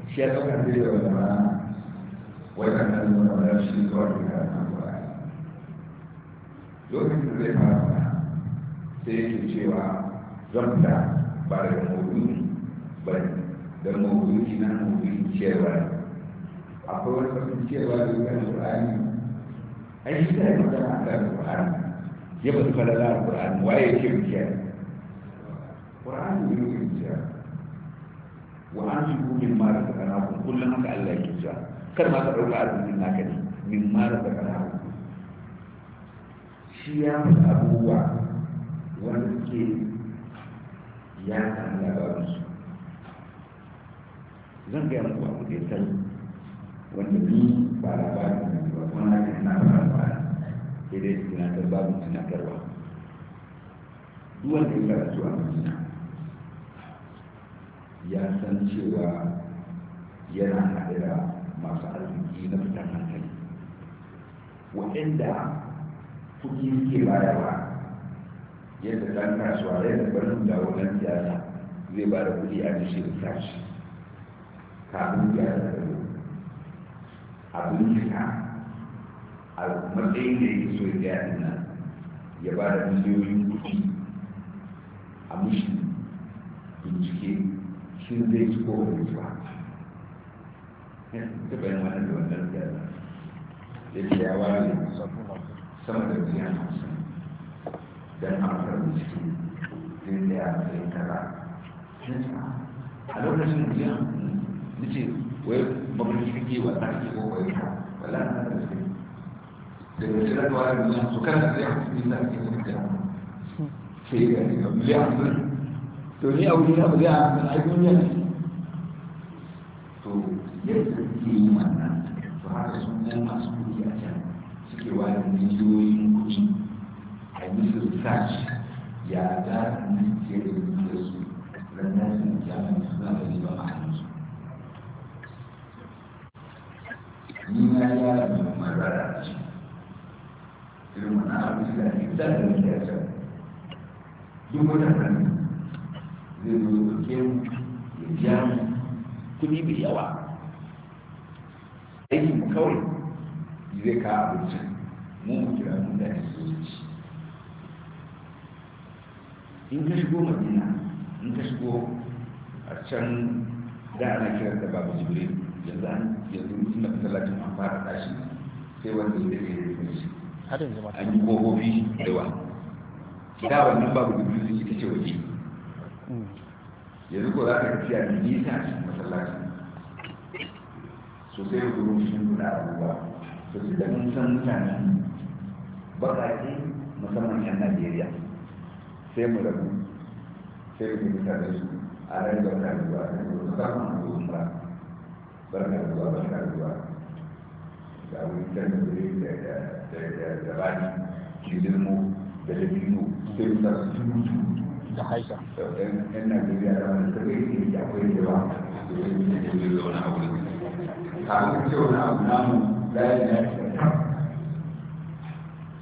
shi ya tsaka da yawa da mana wai kan nan mun fara shi zuwa da alkurani lokacin da zai fara sai yake cewa zan ta ba da mu'mini ba da mawuyi na mawuyi cewa akwai wani kasan cewa da kan qur'ani ai shi da magana akan qur'ani ya bada falala qur'ani waye yake biya ne yake biya wa an yi min ma da kana ku kullum haka Allah yake kar ma ka dauka arzikin naka ne min ma da kana ku shi ya abubuwa wanda suke ya san labarinsu zan gaya muku abu da ya sani wanda ni ba labarin da ba kuma na kan na fara fara sai dai tunatar babu tunatarwa duk wanda ya karatu a madina ya san cewa yana haɗe da masu arziki na fitan hankali waɗanda kuɗi suke bayarwa yadda ɗan kasuwa yadda barin da wannan siyasa zai ba da kuɗi a da sashi kafin ya zai abin ka a matsayin da yake so ya yi nan ya ba da miliyoyin kuɗi a mushi bincike shi zai ci ko wani ba ta bayan wannan da wannan da ya ce ya ware sama da miliyan hamsin don amfar bincike zai tsaya a matsayin kaza a lokacin miliyan nace wai mafarki kake ta ke ko wai wala na da shi da shi da wa ne su kan da ya da ke wani da sai ga ni ga ya to ni a wuri na ba za a ai duniya to yadda ke yi wannan to haka sun nan masu kuɗi a can suke wayar miliyoyin kuɗi a yi musu research ya za su yi ke da su ranar sun su a yi ma'ana ya gyara mai kuma zara a ci irin wani abu da ne da da ne ya san duk wata hannu zai zo ɗauke mu ya biya mu kuɗi mai yawa aikin mu kawai zai ka abinci mu mu kira mu da ne su ci in ka shigo madina in ka shigo a can da ana kiran da babu jibril yanzu an yanzu mutum na masallacin an fara tashi sai wanda ya zai yi rufe an yi kofofi da yawa da wannan babu da mutum ita ce waje hmm. yanzu ko za ka tafiya da nisa a cikin masallacin sosai da kuma shi guda abubuwa to su da mun san mutane baƙaƙe musamman yan najeriya sai mu rabu sai mu yi mutane su a rai rayuwar rayuwa da musamman ba. barna ba barna zuwa da wutan da da da da bani da dabino sai da su da haisha da yan najeriya da wani sabai ne da akwai da ba da wani da ke da wani abu kafin ce wani abu namu da ya yi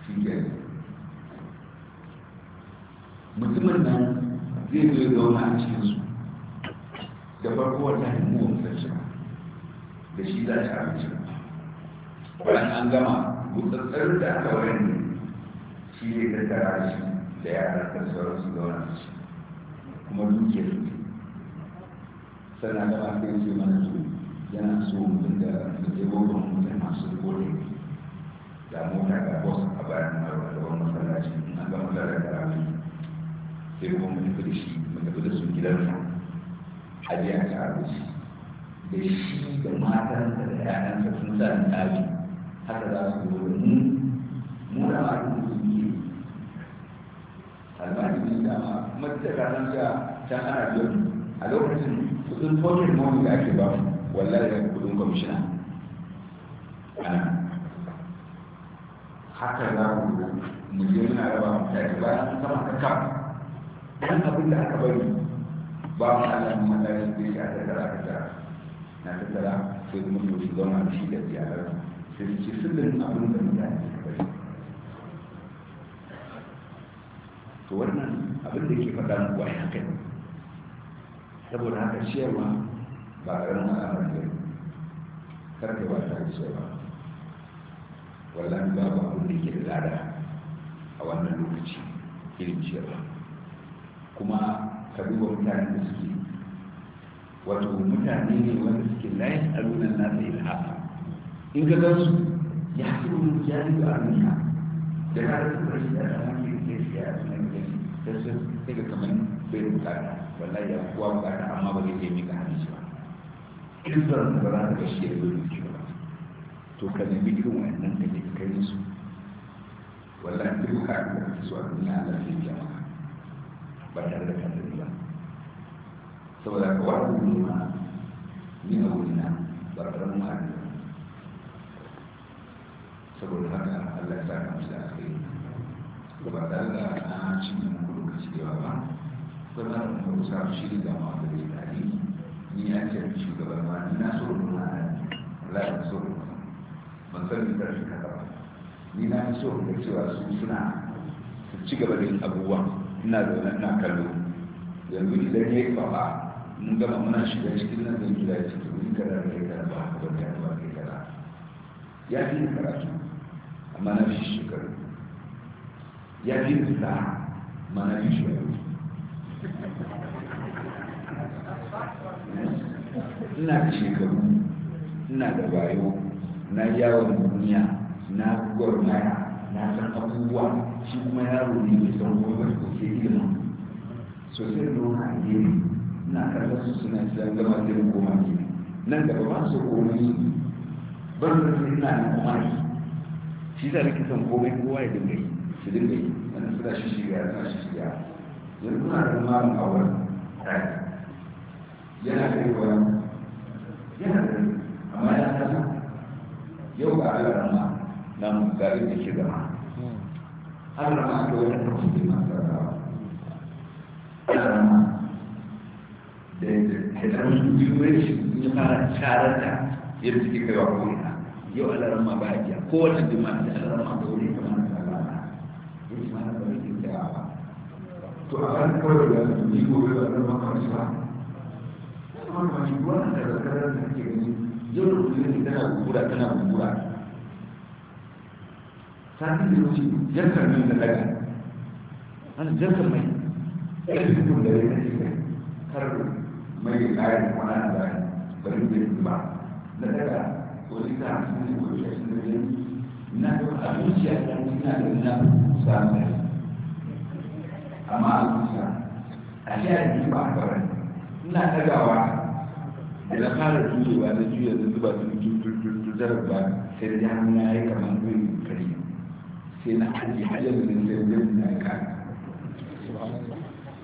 shi ke mutumin nan zai zo da zauna a cikinsu da farko wata himmowar da shi za ta abinci bayan an gama gutsatsar da aka wani shi ne tattara shi da yaran da sauran su zauna da shi kuma duke su sannan gaba sai su mana su yana so mutum da mutum mutum masu gode da mota da bus a bayan marwa da wani masallaci an gama da rarrabe sai kuma mu da shi mu da su gidansa a biya ta abinci da shi da matansa da ‘ya'yansa sun sa ni ɗaki haka za su zo da mu mu da masu musulmi albani ne dama kuma ta kasan cewa can ana biyar a lokacin kudin fokin mawani da ake ba wallahi da kudin kwamishina ana haka za mu zo mu je muna raba mutane bayan an sama ka kam dan abin da aka bari ba mu Allah mu mallaka shi da shi a tattara ka na tattara sai kuma to su zama da shi da ziyarar sai su ce sirrin abin da mutane suka kawai to wannan abin da ke faɗa muku a haka ne saboda haka ciyarwa ba a ranar al'amari ne karfe ba ta ciyarwa wallahi babu abin da ke lada a wannan lokaci irin ciyarwa kuma ka duba mutanen da suke wato mutane ne wanda suke layin alunan nasa haka in ka gansu ya fi wani jari a amina da ya rasu da shi da alamun da ke siya a nan gani da su sai ga kamar bai bukata wallahi ya kuwa bukata amma ba zai je mika hannun shi ba in zan ba za ka shi ya zo ke ba to ka nemi irin wannan ka ke kai su wallahi duk haka da su a duniya Allah zai biya ba tare da kan ba saboda ka wani ne ma ni a wuri na ba ƙarar saboda allah ya sa musu da aka yi ba tare da na cinye muku lokaci da yawa ba kuma na kuma da ma wanda ni shugaban ma na na allah ya ban san ni karfi ni na so da cewa su suna su ci gaba da yin abubuwa ina da wannan kallo yanzu idan ya yi mun gama muna shiga cikin nan zan gida ya ce to kada ne da ba haka ba ta ba kai kaza ya fi karatu amma na fi shekaru ya fi fita ma na fi shekaru ina da shekaru ina da bayo na yawon duniya na gwarmaya na san abubuwa shi kuma yaro ne mai san gobe ko ke ilimin sosai da wani alheri na kallon su suna cikin gama jirin goma ne nan gaba ba su komai su bar da su ina na ne shi da rike son komai kowa ya dinga yi su dinga yi wani suna shi shiga suna shi shiga yanzu kuna da malam awar yana da yi wani yana da amma ya kasa yau ga alarama na mu garin hmm. da shi gama alarama ta wata ta yi masu ala rama da ɗan yuwancin ya fara carata yadda suke kaiwa ko'ina yau alaran ma ba a biya kowace jima da alaran ma da wuri kamar na kalama yau ma na bari ke tsayawa to a kan kawai da ni gobe ba na makamci ba na makamci ba na da zakarar da ke gani yau da kullum tana gugura tana gugura sati da wuce jarkar min da daga ana jarkar mai ƙarfi da ya kai karo mai ƙarin kwanan da bari da su ba na daga wani ta hamsin ne wani shashin da yanzu na da abinci a kan ina da na samun amma a kusa a shi a yi ba a karan ina tagawa da na fara juyewa na juya da zuba su tutututu zarba sai da hannu ya yi kamar gwiwin kare sai na ajiye hajjar da na sai da na ka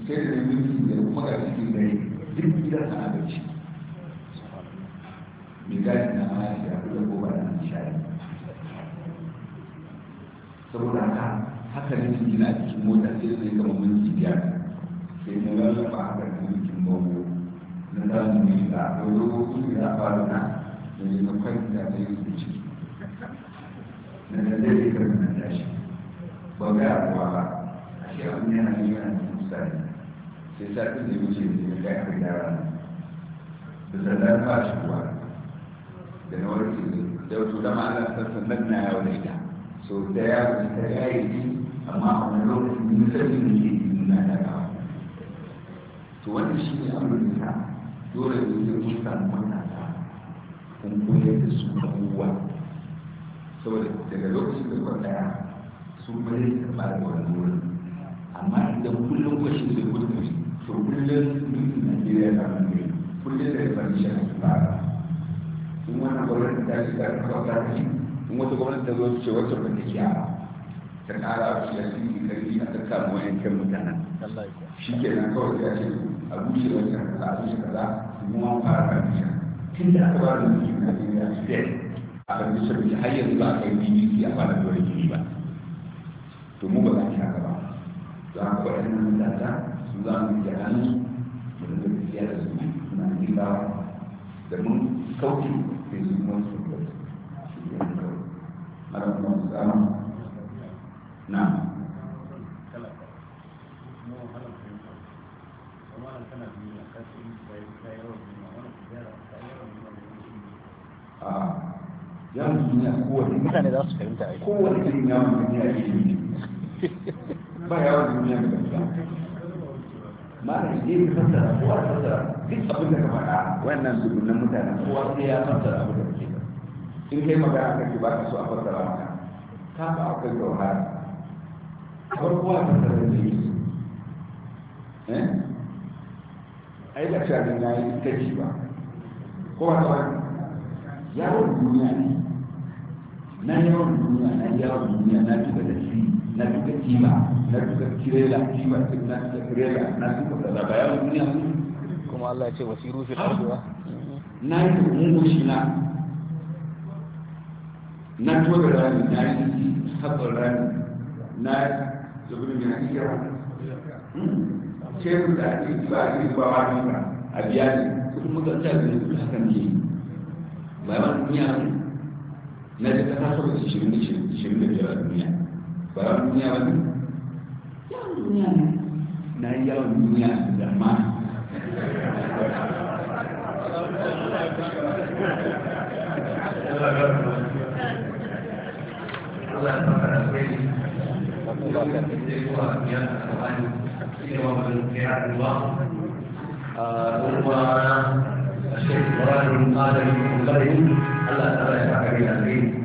sai da na minti da kuma ga cikin gari duk gidan a abinci mai gani na ma ya shiga da gobe na shayi saboda haka haka ne cikin a cikin mota sai zai gama minti biyar sai na lalaba haka da jikin mawo na zamu yi da wani rubutu da faru na da ne na kwanta da yi da ciki na da zai zai karfi na tashi ba ga abuwa ba a shi abin yana yi yana da misali sai satin da wuce ne kai abin ne da sannan ba shi kuwa da na warke ne da wato dama ana sassan nan na yawo da ita so da ya ta yi ji amma a wani lokacin ni sani ne ke yi na kawo. to wannan shi ne abin da dole ne ya kun samu ta kun koyar da su abubuwa saboda daga lokacin da kwan daya sun bari da ba da wani wurin amma idan kullum kwashe shi da shi. to kullum mulkin najeriya na mai kullum da rifanci a fara in wannan gwamnati ta ta kafa ta ci in wata gwamnati ta zo ce wacce ba ta ci a ta kara a cikin karfi a ta kama wayan kan mutanen shi ke nan kawai ta ce a bushe wancan kaza a bushe kaza kuma an fara kamishin tun da aka ba da mulkin najeriya su a kamishin bisa har yanzu ba a kai bbc a fara dole ba to mu ba za ki haka ba to an kwaɗannan mutata su za mu yi hannun su da zai fiye da da da yawon duniya kowane mutane za su fahimta kowane yawon duniya ne ba yawon duniya da gaskiya malam shi ne fassara kowa fassara duk abin da ka faɗa wannan dubunan mutane kowa sai ya fassara abin da kake ba in kai magana kake ba ka so a fassara maka ka ba akwai gauhara kamar kowa fassara da yi eh ai ba cewa na yi ta ko ba kowa ta wani yawon duniya ne na yawon duniya na yawon duniya na duba da shi na duka kima na duka kirela kima na duka kirela na duka kaza bayanin duniya kuma Allah ya ce wasiru fil ardi wa na yi mungu shi na na tuwa rani na yi sabon rani na yi zubin da na kira ce hmm. da ake ba a yi ba wani ba a biya ne kudin mutanta da ne kudin hakan ke bayan duniya na duka da shirin da shirin da biyar duniya ba yawon na yi yawon duniya da ma ثم الشيخ ابراهيم قال لكم الله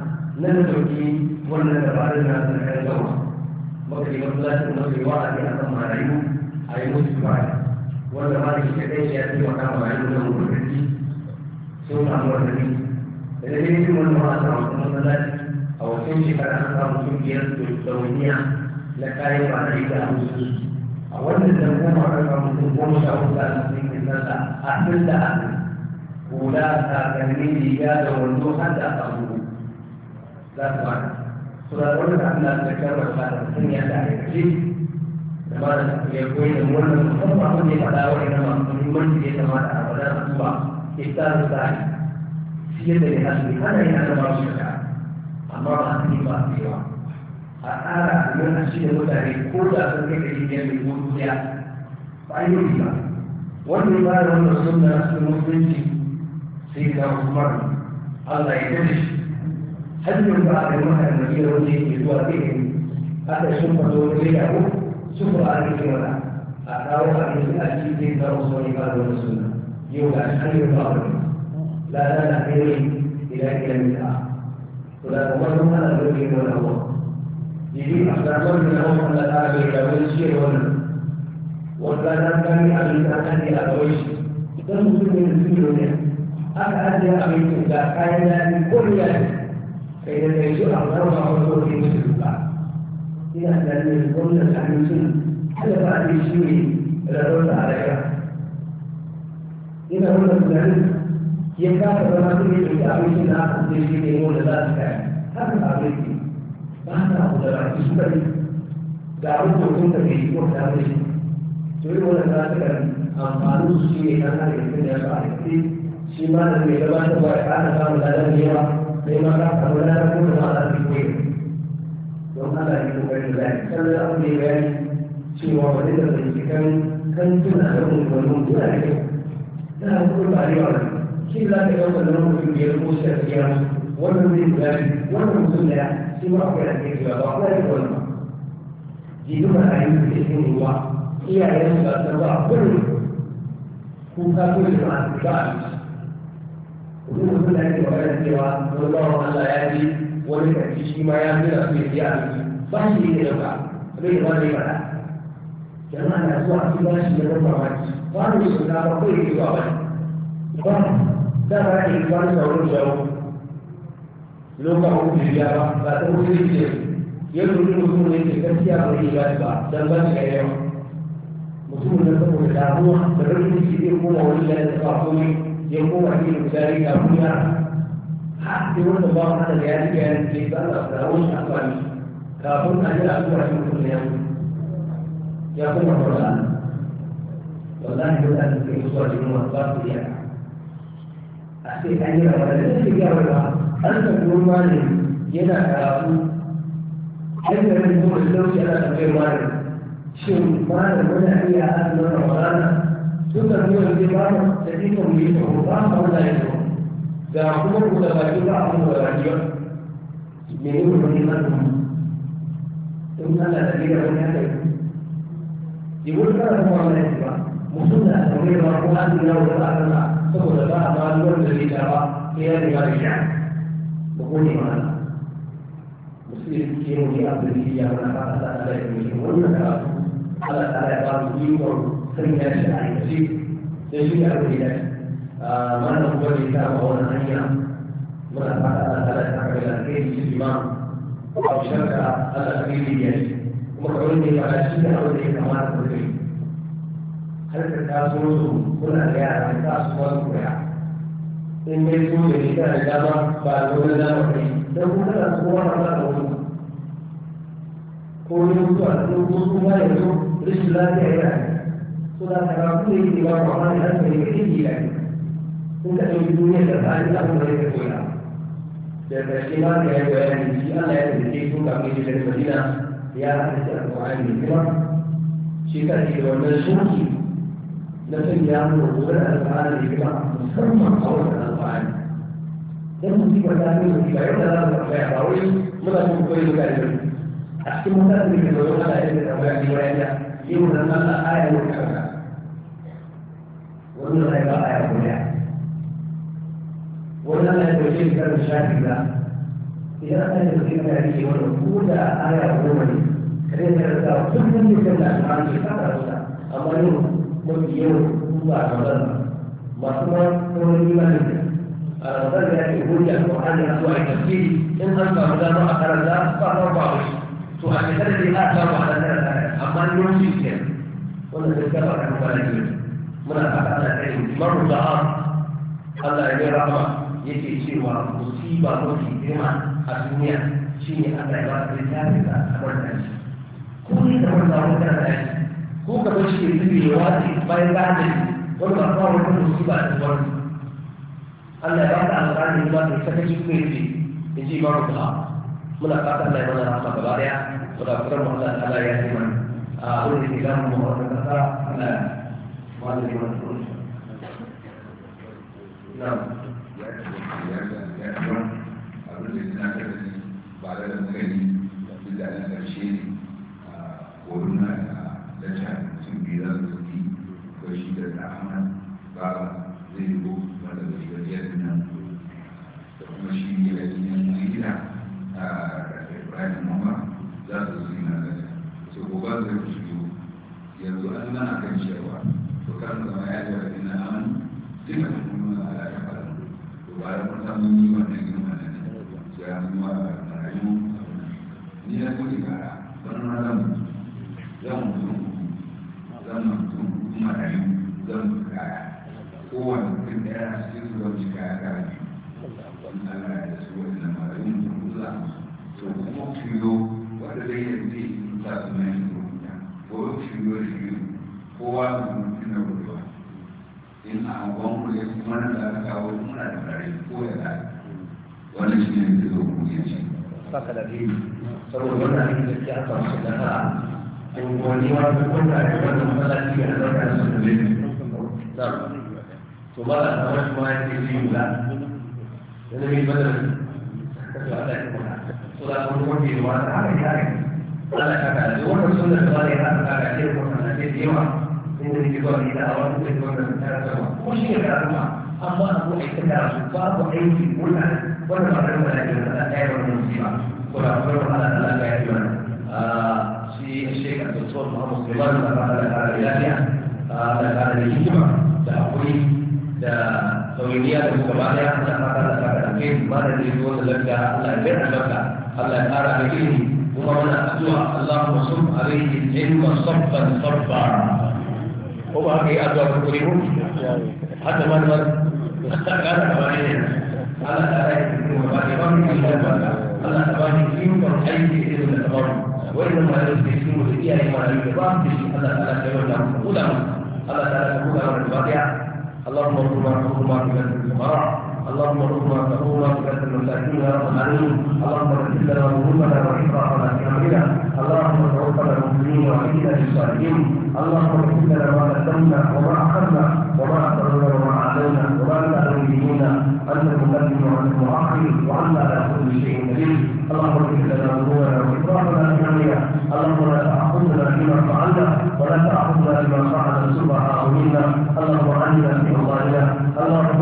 nan dauki wannan dabarun na sun kan gama maka yi masallacin maka yi a kan marayu a yi musu baya wanda ba da shi kaɗai ya ce wa kan marayu na mutunci sun samu wani da da dai wani ma'a samu kuma masallaci a wasan shekara an samu kungiyar dauniya na kayan marayu da su a wannan da goma an samu sun goma sha hudu a cikin nasa a tun da a tun hula takalmi riga da wando har da samu za su mana suna wanda Allah ta karɓa da mutum ya da aikace da ma da ya koyi da wannan musamman abin da ya faɗa wani na masu muhimmanci ya kamata a faɗa a tuba iftar da shi yadda ya hasu ana yin ana masu shaka amma ba a cikin ba su yawa a tsara a yi a cikin mutane ko da da ba a yi wannan sai Allah ya shi هل ينفع بالمهر الذي يوجد بزوجهم هذا الشرطة توجده شكر عليك ولا أعطاه عليك الأجيب من رسول الله والسنة يوم أن يضرب لا لا نحتاج إلى كلمة ولا تظن أن الذي ولا هو يجب أن تظن أنه أن الآب يتوجه ولا وكان كان أبي أن يتوجه تنظر من الدنيا أكأن أبي إذا كان لكل ذلك فإذا العشاء أربعة عشر في مسلم إلى أن الجملة عن سنة حتى بعد الشيء لا رد عليها إذا هم الزمن يكاد ما تريد في أمثلة عن الشيء ولا ذلك هذا أمريكي هذا أبو دراعي سوري دعوت كنت في وقت أمريكي سوري ولا ذلك أمثال الشيء أنا يمكن أن أعرف shi ma da mai gabatarwa ya ƙara samun ladan da yawa sai ma ka samu lada ko da ba a fi koyi don Allah ne kokarin da ya san da abu ne bayani cewa wani da binciken kan tuna da unguwannin kuna da kyau na hankali ba ne wannan shi za ka yau da nan mutum biyar ko shi a cikin wannan zai bayani wannan mutum da shi ma akwai ba ba ba yi ba a ba a duk suna yake magana cewa wani bawan Allah ya ji wani kaci shi ma ya nuna su ya ji abinci ba shi ne da ba bai da wani fada jama'a na zuwa su ba shi da wani mamaki ba ne su na ba kai zuwa ba ba da ba ne ba ne sauran shawo lokacin hukunci ya ba ba ta hukunci ce yadda mutum ne ke gaskiya ba ne ba ba dan ba shi yawa mutum da saboda damuwa da rashin shi zai koma wani da ya tafi يكون عليه ذلك هنا حتى يقول الله هذا ذلك ليس أصلاوش أصلي كافر أن يأكل في كل يوم يقوم القرآن والله يقول أن في صورة الموضوع فيها أحسن أن يرى ولا تجارة أن تكون مالي ينا كافر أن يكون الزوج أنا غير مالي شو مالي ولا هي أهل ولا كان تجيكم ليهم فان أو لا يدرون دعوكم المتباكين بعضهم وراجعون يؤمنون بإيمانهم ثم لا دليل من هذا يقول كان هو من الاتباع مصنع تمرير القرآن من أول بعدنا ثم تبع ما نور الذي ترى في هذه الرجعة بقول إيمانا مسلم كيرو في أرض الهية من أخاف لا تلا يؤمنون على تعالى قال يقول سنة شعر المسيح sai shi ya rufe da wannan kuma ne ta ba wannan hanya muna fata Allah ta ta kai da kai shi ma ba shakka Allah ta yi ya kuma kawai ne ba shi da abin da ya kamata ku yi har ka taso su dan kuma da su wani ba da wani ko ne mutuwa ko kuma suna karatu da yake ba ba wani da su ne kake yi ne kun ka ɗauki duniya da tsari da abin ya koya da ƙarshe ma ka yi bayani shi Allah ya tafi sun kafin shi da Madina ya hadisi alƙur'ani ne kuma shi ka ce wannan na ya kuma a wannan alƙur'ani dan musibar ta ne musibar yadda za mu tsaya ba wai muna cikin koyi mutane a cikin mutane da ke zaune ana yin da tambaya ne bayan da كلها يبقى آية واحدة وإنما يتوجيه كان الشاكل لا إذا كان يتوجيه كان والأولى آية أولى كذلك الرسالة كل من يتم عن كتاب الرسالة أما يوم من يوم الله عز ما سمع من الإيمان الرسالة يعني هو القرآن يسوع التفسير إن أنت مدام أخر الله فهو باطل سؤال كذلك آخر وعلى ذلك أما يوم يتم ولا تتكلم عن مبالغين muna da ana kai maru da Allah ya yi rahama yake cewa musiba mafi girma a duniya shi ne Allah ya ba su yi, tafi da ko ne da wanda wani da shi ko ka bar shi ya zube ya bayan da shi wani ba kawo wani musiba a wani Allah ya ba ta alƙalin ba ta sakaci kuma ya in ji maru da muna fata Allah ya mana rama gaba daya muna fatan mu Allah ya yi mana a wurin da zamu mu wata kasa Allah wanda ne wani tsoron ba da da gani a koruna da lacca mutum biyu shi da ba zai yi kuma shi ibrahim mama za su zina ba zai yanzu an na kan cewa karanta ma ya ce wa ina an duka da kuma ala ya fara to ba kuma mun yi wannan yin wannan ne ya kuma marayu ni na kuma kara wannan na zan zan mutum zan mutum marayu zan kaya kowane mutum ɗaya cikin su zan ci kaya kara ne in Allah ya su wani na marayu mutum za to kuma fiyo wanda zai yanzu sa su mai ko fiyo da fiyo kowa na mutum da ruwa in a abuwan ku ya fi mana da aka kawo muna da tare ko ya da wannan shi ne da zo ku ya ce saka da biyu saboda wannan abin da ke aka wasu da fara in wani wani kwanta da wannan matsalaci a zaura su da zai to ba da kawai kuma ya ce zai yula yana mai ba kasu ala ya kuma so da kuma da ya yi ala ka da wannan sun da tsawon ya haka kaji kuma na ce da yawa individual da wani individual da ta zama ko shi ya zama amma abu a cikin da su babu aiki wannan wanda ba da wani da ta da yawa ne shi ba ko da ko da Allah Allah ya yi wannan shi shi ka tsoro Muhammad sallallahu alaihi wa sallam da da da hikima da hakuri da sauriya da gaba da Allah ta fara da ta kai ba da ne wanda lafiya Allah ya albarka Allah ya fara da ilimi kuma muna addu'a Allahumma sum alaihi ilma sabban sabba هو في أدوار المسلمون حتى ما من استقال أبانينا على أبانينا على أبانينا في المبادئ في المبادئ وإنما يسلم في على أبانينا في المبادئ على أبانينا في المبادئ اللهم اغفر لهم وارحمهم وارحم الفقراء اللهم ربنا تقوم بكثرة مساكيننا والعليم اللهم اغفر لنا ذنوبنا وإسرافنا في أمرنا اللهم توفنا المسلمين وأيدنا الصالحين اللهم اغفر لنا ما قدمنا وما أخذنا وما أخذنا وما أعلنا وما به منا أنت المقدم وأنت المؤخر وأنت على كل شيء قدير اللهم اغفر لنا ذنوبنا وإسرافنا في أمرنا اللهم لا تأخذنا فيما فعلنا ولا تأخذنا بما فعل سبحانه منا اللهم علمنا في الله اللهم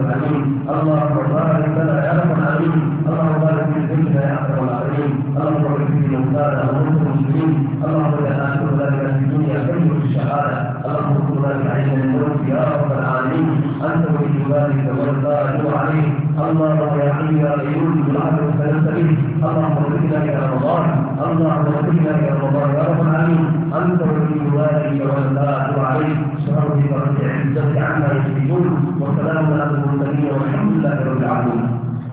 العليم الله اكبر